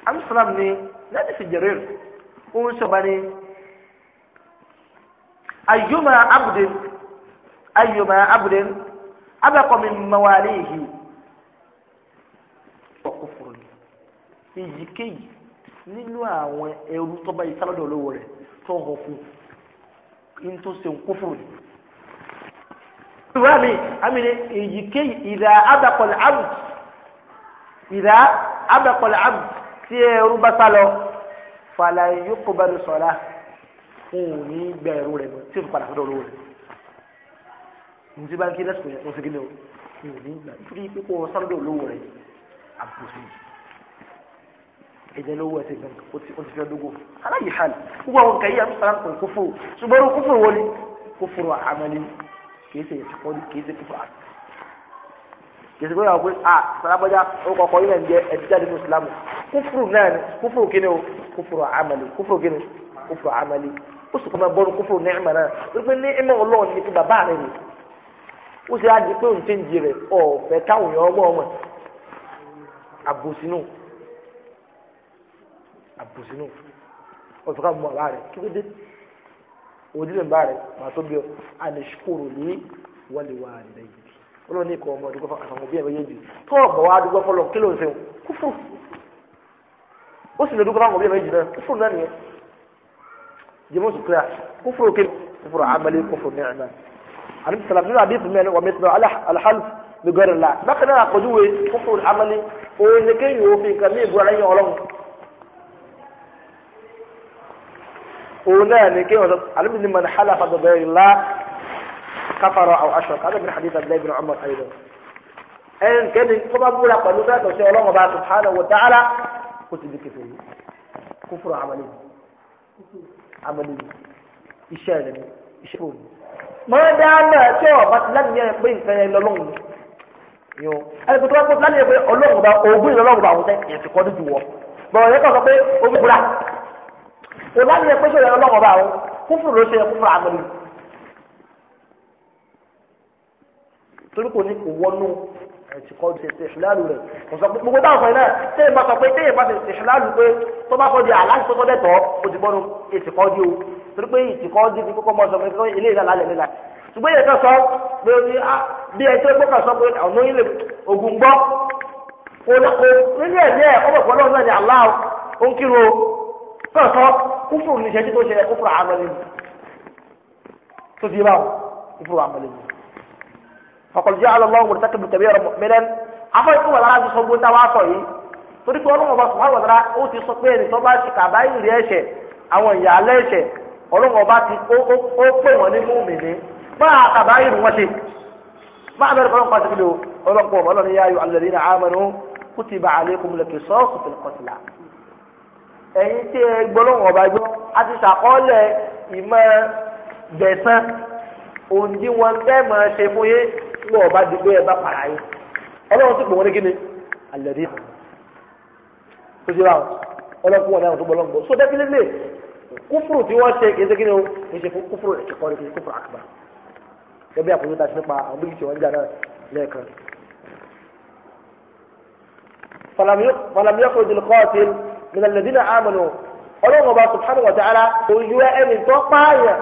amsalam ni láti fi Jarir ó ń sọba ni ayyuma abdin ayyuma abdin abaqa min mawalihi ọkùnfùrù èyíkéyìí nínú àwọn ẹrú tọ́ba yìí sálọ́dọ̀ olówó rẹ̀ tó ń hàn fún in tó ṣe ń kó fún mi. Ìwádìí àmìlẹ̀ èyíkéyìí ìdá abaqal abd ìdá abaqal abd tí ẹrú bá sá lọ fàlà yókò bá lè sọ̀rọ̀ fún òun ní gbẹ ẹrú rẹ mọ tí o fi padà fọdọ̀ olówó rẹ ntí bá ń kí lásìkò yẹn tó ń segin ní o fún òun ní gbà nítorí pé kó o sáré olówó rẹ àbùsùn ẹ̀jẹ̀ lówó ẹsẹ̀ gan o ti fi ọdógó aláyè hàn gbogbo àwọn kẹyì àtúntàn kò kófòrò ṣùgbọ́n kófòrò wọlé kófòrò àmàlẹ́ kì ṣe ìṣàkọ́lé kì ṣe kófòrò àti kìsì pé wà pé a sàràbọjá ọkọọkọ yìí náà ń jẹ ẹdíjáde mùsùlámù kúfùrù náà ni kúfùrù kíni o kúfùrù àmàlì kúfùrù kíni kúfùrù àmàlì ó sì kọ́ máa bọ́nu kúfùrù ní ìmọ̀ náà ó pé ní ìmọ̀ ọlọ́run ni pé bàbá rẹ̀ ni ó sì á di pé òun ti ń jèrè ọ̀fẹ́ táwọn èèyàn ọmọ ọmọ àbòsínú àbòsínú ọ̀fẹ́ ká mọ àbá rẹ̀ kí òdìlẹ̀ ń rẹ̀ màá bí ọlọ́run ní ikọ̀ ọmọ àdúgbò fún àwọn òbí ẹ̀ méjèèjì tó ọ̀bọ̀ wá àdúgbò fọlọ́ kí ló ń ṣe kúfù ó sì lè dúgbò fún àwọn òbí ẹ̀ méjèèjì náà kúfù náà nìyẹn jimoh sukura kúfù òkè kúfù àmàlẹ́ kúfù ní àná àti sàlàmù nínú àdìsí mẹ́rin wà mẹ́tìlá alhàlù gbẹgbẹrẹ la bákan náà àkójúwe kúfù àmàlẹ́ òun ni kéèyàn òfin kan ní ìbúra lẹ́yìn ọlọ́run òun náà ni kéèyàn àlùmí ni mọ̀ ní hàlà la كفر أو أشرك هذا من حديث عبد الله بن عمر أيضا ẹn kẹ́ni tó bá búra pẹ̀lú bẹ́ẹ̀ tó ṣe ọlọ́run ọba subhanahu wa ta'ala kó ti di kékeré kufru amali amali iṣẹ́ rẹ̀ iṣẹ́ òní. máa dá náà tí ọba ti láti yẹn pé ìfẹ́ yẹn lọ́lọ́run yìí o ẹni tó tó bá kó láti yẹn pé ọlọ́run ọba ògùn ìlọ́lọ́run ọba àwọn yẹn ti kọ́ ní ju wọ. bọ̀rọ̀ yẹn kàn sọ pé ó búra kò láti yẹn pé ṣe ọlọ́run ọba àwọn kufru ló ṣe kufru amali torí kò ní kò wọnú ẹ̀tìkọ́ ṣe ṣe ìṣìláàlù rẹ̀ kò sọ pé gbogbo táwọn sọ iná téèyàn bá sọ pé téèyàn bá ṣe ìṣìláàlù pé tó bá kọ́ di aláṣẹ tó tọ́ dẹ̀tọ́ ó ti bọ́nu ẹ̀tìkọ́ di o torí pé ìtìkọ́ di fi kókó mọ́ sọ pé ilé ìlànà alẹ́ nílà ṣùgbọ́n ìyẹn kan sọ pé ó ní ah, bí ẹjọ́ gbọ́kàn sọ pé ọ̀nà ilé ogun gbọ́ kò nílé ẹ̀ faqad ja'ala Allahu murtakibal kabira mu'minan afọ ìfún wà lára ti sọ gbóńtà wá sọ yìí torí pé ọlọ́run ọba subhanahu wa ta'ala ó ti sọ pé ẹni tó bá ṣe kàbáyìrì ẹ̀ṣẹ̀ àwọn ìyá alẹ́ ẹ̀ṣẹ̀ ọlọ́run ọba ti ó pè wọ́n ní mùmìnì bá a kàbáyìrì wọ́n ṣe bá a bẹ̀rẹ̀ fọlọ́n pa síbi lò ọlọ́run pọ̀ ọlọ́run yá ayọ̀ alladhina amanu kutiba alaykumul qisasu fil qatla ẹ̀yin tí ẹ gbọ́ ọlọ́run ọba gbọ́ a ti ṣàkọọ́lẹ̀ ìmọ̀ gbẹ̀sán òǹdíwọ̀n tẹ́ mọ̀ ṣe fún yín nígbà ọba di pé ẹ bá para yín ọlọ́run ti pè wọ́n ní kíni àlẹ́dí tó ṣe báwọn ọlọ́kùn wọn náà tó bọ́ lọ́gbọ́ so definitely kúfùrù tí wọ́n ṣe kìí ṣe kíni o kìí ṣe kúfùrù ẹ̀kọ́ ni kìí kúfùrù àkàbà gẹ́gẹ́ àkójọ ta ti nípa àwọn méjì tí wọ́n ń jà náà lẹ́ẹ̀kan. فلم يخرج القاتل من الذين آمنوا ọlọ́run ọba subhanahu wa ta'ala kò yọ ẹni tó pààyàn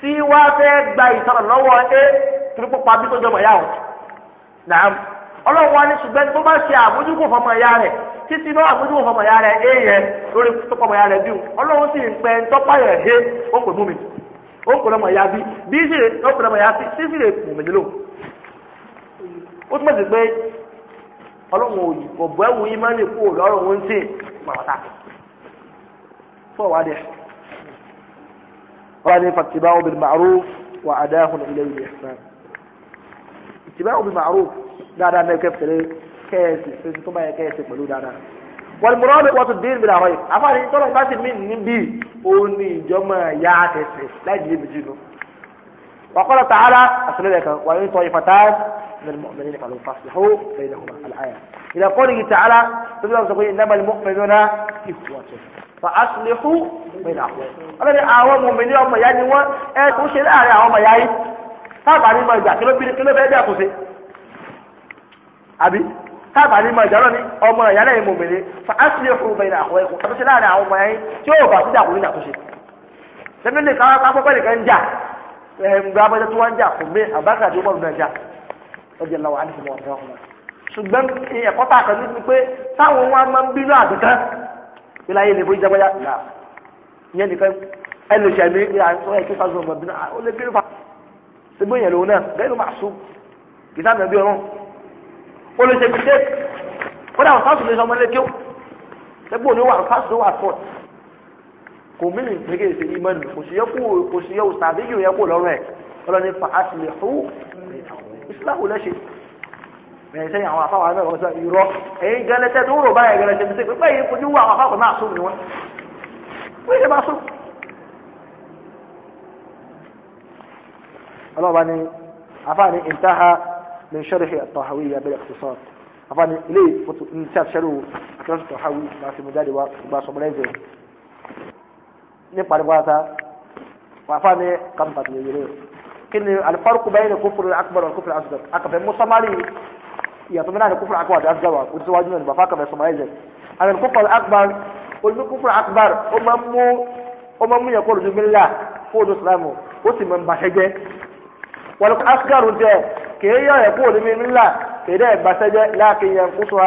tí wá fẹ́ gba ìtọ́nà lọ́wọ́ ẹ tìrúpù pàbí tó jọmọ̀ yá o ọlọ́run wa ní ṣùgbọ́n tó bá ṣe àbójúkò fọmọ ya rẹ̀ títí bá àbójúkò fọmọ ya rẹ̀ é yẹ lórí tó ya rẹ̀ bí o ya bí bí sì ó pè lọ́mọ ya sí sí sì ó túmọ̀ sí pé ọlọ́run قال فاتباع بالمعروف وأداه إليه بإحسان اتباع بالمعروف لا لا ما يكفي ليه كاسي ثم كاسي ملو لا لا والمرابطة الدين بلا ريب عفوا انت لو قاسي من نبي وني جمع يا تسس لا يجيب جنو وقال تعالى أسلمك وإن طائفتان من المؤمنين فلتصلحوا بينهما الآية إلى قوله تعالى تقول تقول إنما المؤمنون إخوة فأصلحوا بين أخوة أنا لأعوى مؤمنين أما يعني هو أنا كوش الآن أعوى يعني طبعا ما يجع كلو بيني كلو بيني أخوتي أبي طبعا ما يجع لني أما يعني مؤمنين فأصلحوا بين أخوة كوش الآن أعوى يعني شوف أصدق أخوتي أخوتي sẹ́mi nìkan kápọ́pẹ́ nìkan ń jà ẹ̀hìn gbàgbọ́dẹ́ tó wá ń jà fún mi àbákàdé ó mọ̀ ń jà lọ́jọ́ ìlàwọ̀ àdìsíwọ̀ ọ̀dọ́ ọ̀hún ṣùgbọ́n ẹ̀kọ́ tá a kàn ní pé táwọn wọn máa ń bínú àdùkán ìlàyé lè bó jẹ́ bóyá là ìyẹn nìkan ẹlòṣẹ̀mí àwọn ẹ̀kí fásitì ọmọ bínú ó lè bínú fa ṣùgbọ́n ìyẹn lòun náà bẹ́ẹ̀ ló máa sùn kì í sáà nàbí ọ̀run ó lè ṣe gbèsè ó dà fásitì lè sọ ọmọ lẹ́kẹ́ ẹgbẹ́ òní wà fásitì wà fọ́ kò mí ní ìpínlẹ̀ èsè ìmọ̀ nù kò sì yẹ kó o sàbí yẹ kó إصلاحه لا شيء يعني سيء وعفاو على بقى يروح ايه جلسة دوره بقى جلسة مسك بقى يبقى جوا وعفاو معصوم نوع وإيه معصوم الله بني عفاني انتهى من شرح الطحوية بالاقتصاد عفاني ليه نساب شروع أكراس الطحوي مع في مداري وباصم ليزي نبقى لبقى وعفاني قمطة ليه kí ni alifarku bẹ́ẹ̀ ni kófòrò akbar wal kófòrò asgar akàfẹ́ musamari ìyàtọ̀ mìíràn ni kófòrò akbar àti asgar wa ojú síwájú náà bàfà kàfẹ́ sọmọ ẹ̀jẹ̀ àti kófòrò akbar olùdó kófòrò akbar ó máa ń mú ó máa ń mú yẹn kó olùdó mílíà fún olùdó sàlámù ó sì máa ń bàṣẹ jẹ wal kófòrò jẹ kèé yọ yẹ kó olùdó mílíà kèé dẹ́ bàṣẹ láàkì yẹn kó sọ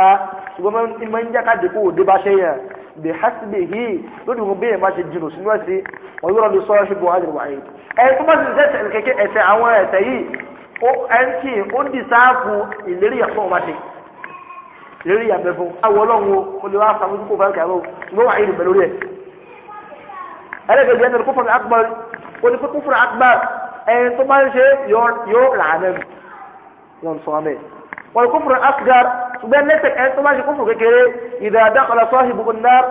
بحسبه لو بيه ما تجنو سنواتي ويرى لصاحب هذا الوعيد اي ثم تنسى الكيكي اتعوان اتعي او انتي او دي سافو اللي يحصو ماتي lórí ìyàbẹ̀ fún awọlọ́wọ́ olùwà àfàmójúkò fẹ́ kàwọ́ ṣùgbọ́n wà ìrìnbẹ̀ lórí ẹ̀ ẹlẹ́gbẹ̀ẹ́ ẹ̀nà kúfùrù akbar onípe kúfùrù akbar ẹ̀yìn tó máa ń ṣe yóò rà á wal kufru akbar ṣùgbọ́n lẹ́sẹ̀ ẹ̀ tó bá ṣe kúfùrù kékeré idha dakhala sahibu an-nar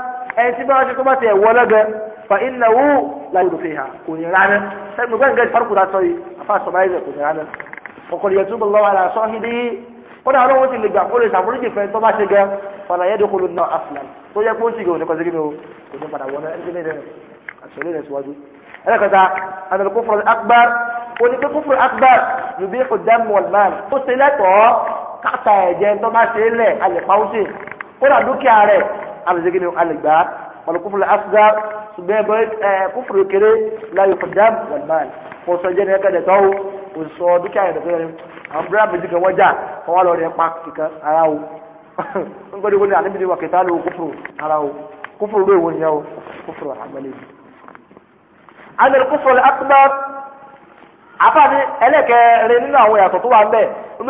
ẹ̀ tí bá ṣe tó bá tẹ̀ wọlọ́gẹ fa innahu la yudu fiha kò ní rárá sẹ́gun gbẹ́ngẹ́ farko da sọ́yì afa sọ báyìí kò ní rárá ọkùnrin yẹn túbọ̀ lọ́wọ́ ala sahibi kódà ọlọ́wọ́ ti lè gbà kó lè ṣàforíjì fẹ́ tó bá ṣe gẹ fala yadkhulu an-nar aflan tó yẹ kó ń ṣì gẹ̀ òní kọ́sí kí ni o kò ní padà wọlé ẹ̀ ẹlẹ́kọ̀ta anàlùkúfùrù akbar oníkẹ́kúfùrù akbar yubihu ad-dam wal mal ó ṣe lẹ́tọ̀ọ́ kata ẹ̀jẹ̀ tó bá ṣe é lẹ̀ alẹ́pàáwọ́sẹ̀ kódà dúkìá rẹ̀ ni alẹ́gbà ọ̀lùkúfùrù kufuru ṣùgbọ́n ẹ̀ kúfùrù kéré láyò fọdàm wàlmán kò sọ jẹ́ ní ẹ̀kẹ́ dẹ̀tọ́ o kò sọ dúkìá rẹ̀ dẹ̀tọ́ rẹ̀ àwọn bíra méjì kan wọ́jà wọ́n wá lọ rẹ̀ pa kíkan ara o n gbọ́dọ̀ wọ́n ní alẹ́ wà kẹta ló kúfùrù ara o kúfùrù ló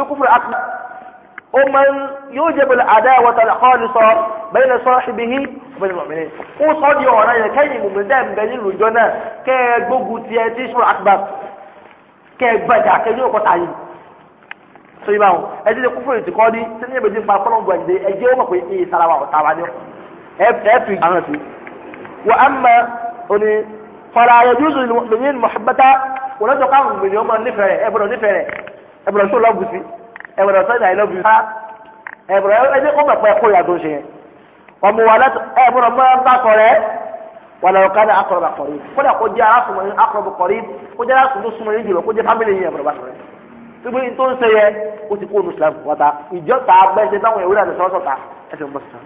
o kúfùrù ومن يوجب العداوة الخالصة بين صاحبه وبين المؤمنين وصاد يوانا كاين المؤمن ده مغالي لجونا كغوغو تي تي سو اكبر كبدا كيو كوتاي so ibawo ẹtí lè kún fún ètò kọ́ di sẹ́ni ẹ̀bẹ̀dì ń pa kọ́lọ́mù gbàǹde ẹ̀jẹ̀ ó mọ̀ pé èyí sára wa ọ̀tá wa ni ẹ̀ẹ́pì àwọn ẹ̀fì. wọ́n á mọ oní fara ayọ̀dún ìṣòro ìlú mọ̀mìnir mọ̀hábátá wọ́n lọ́jọ́ káwọn mọ̀mìnir ọmọ nífẹ̀ẹ́ rẹ̀ ẹ̀bùrọ̀ nífẹ̀ẹ́ rẹ̀ ẹ̀bùrọ̀ tó lọ́gùsì ẹ̀bùrọ̀ sọ́jà i love you ha ẹ̀bùrọ̀ ẹ̀jẹ̀ kó mọ̀ pé ẹ̀kọ́ ìyá tó ń ṣe yẹn ọmọ wa láti ẹ̀bùrọ̀ máa ń bá kọ̀rẹ́ wàlẹ̀ ọ̀ká ní akọ̀rọ̀bà kọ̀rí kódà kó jẹ́ arákùnrin akọ̀rọ̀bà kọ̀rí kó jẹ́ arákùnrin súnmọ́ yín jùlọ kó jẹ́ fámìlì yín ẹ̀bùrọ̀ bá kọ̀rẹ́ gbogbo yìí tó ń ṣe yẹ ó ti kó onu islam wata ìjọ ta bẹ́ẹ̀ ṣe táwọn ìwúrẹ́ àti sọ́sọ́ ta ẹ̀sìn mọ́ sísan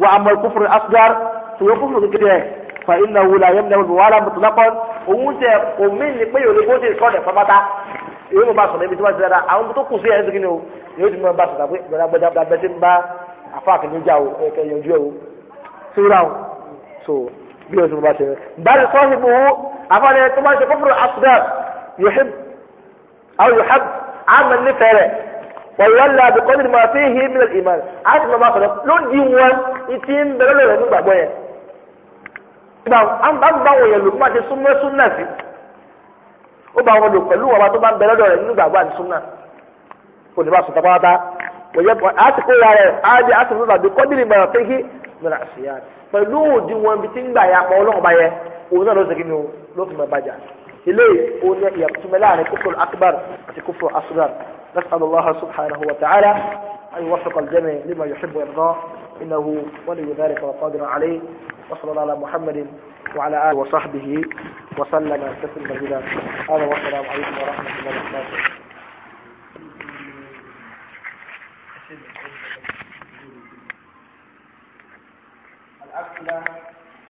wa àmọ́ kúfùrù asgar tòun kúfùrù kékeré ẹ̀ fa iná wula yẹn ní wàhálà mùtùlákọ́ òun tẹ òmìn ní pé yòlè bó ti kọ́ èyí mo bá sọ̀rọ̀ ibi tí wọ́n ti dára àwọn tó kù sí ẹ̀ ń sìnkí ni o yóò ti mọ bá sọ̀rọ̀ pé gbẹdàgbẹdà bẹ ti ń bá àfáàkì níjà o ẹ̀kẹ́ yanjú ẹ̀ o tó rà o so bí o ti mo bá ṣe rẹ̀. báyìí sọ́ọ́sì bò ó àfáàní tó bá ṣe kófòrò asudar yohib aw yohab àmà nífẹ̀ẹ́ rẹ̀ wàlúwàlá àbíkọ́ni ni màá fi hi ó bá wọn lò pẹ̀lú ọba tó bá ń bẹ lọ́dọ̀ rẹ̀ nínú gbàgbọ́ àti súnà kò ní bá sùn tápá bá òye pọ̀ á ti kóra rẹ̀ á di á ti fún bàbí kọ́dìrì bàbá pé kí mìíràn sì yá pẹ̀lú òdiwọ̀n ibi tí ń gbà ya pọ̀ ọlọ́run bá yẹ òun náà ló ṣe kí o ló fi máa bàjá ilé òun ni ìyàtúmẹ̀ láàrin kófòrò akbar àti kófòrò asghar نسأل الله سبحانه وتعالى أن يوفق الجميع لما يحب ويرضى إنه ولي ذلك وقادر عليه وصلى الله على محمد وعلى آله وصحبه وسلم تسليما جدا هذا والسلام عليكم ورحمة الله وبركاته الأسئلة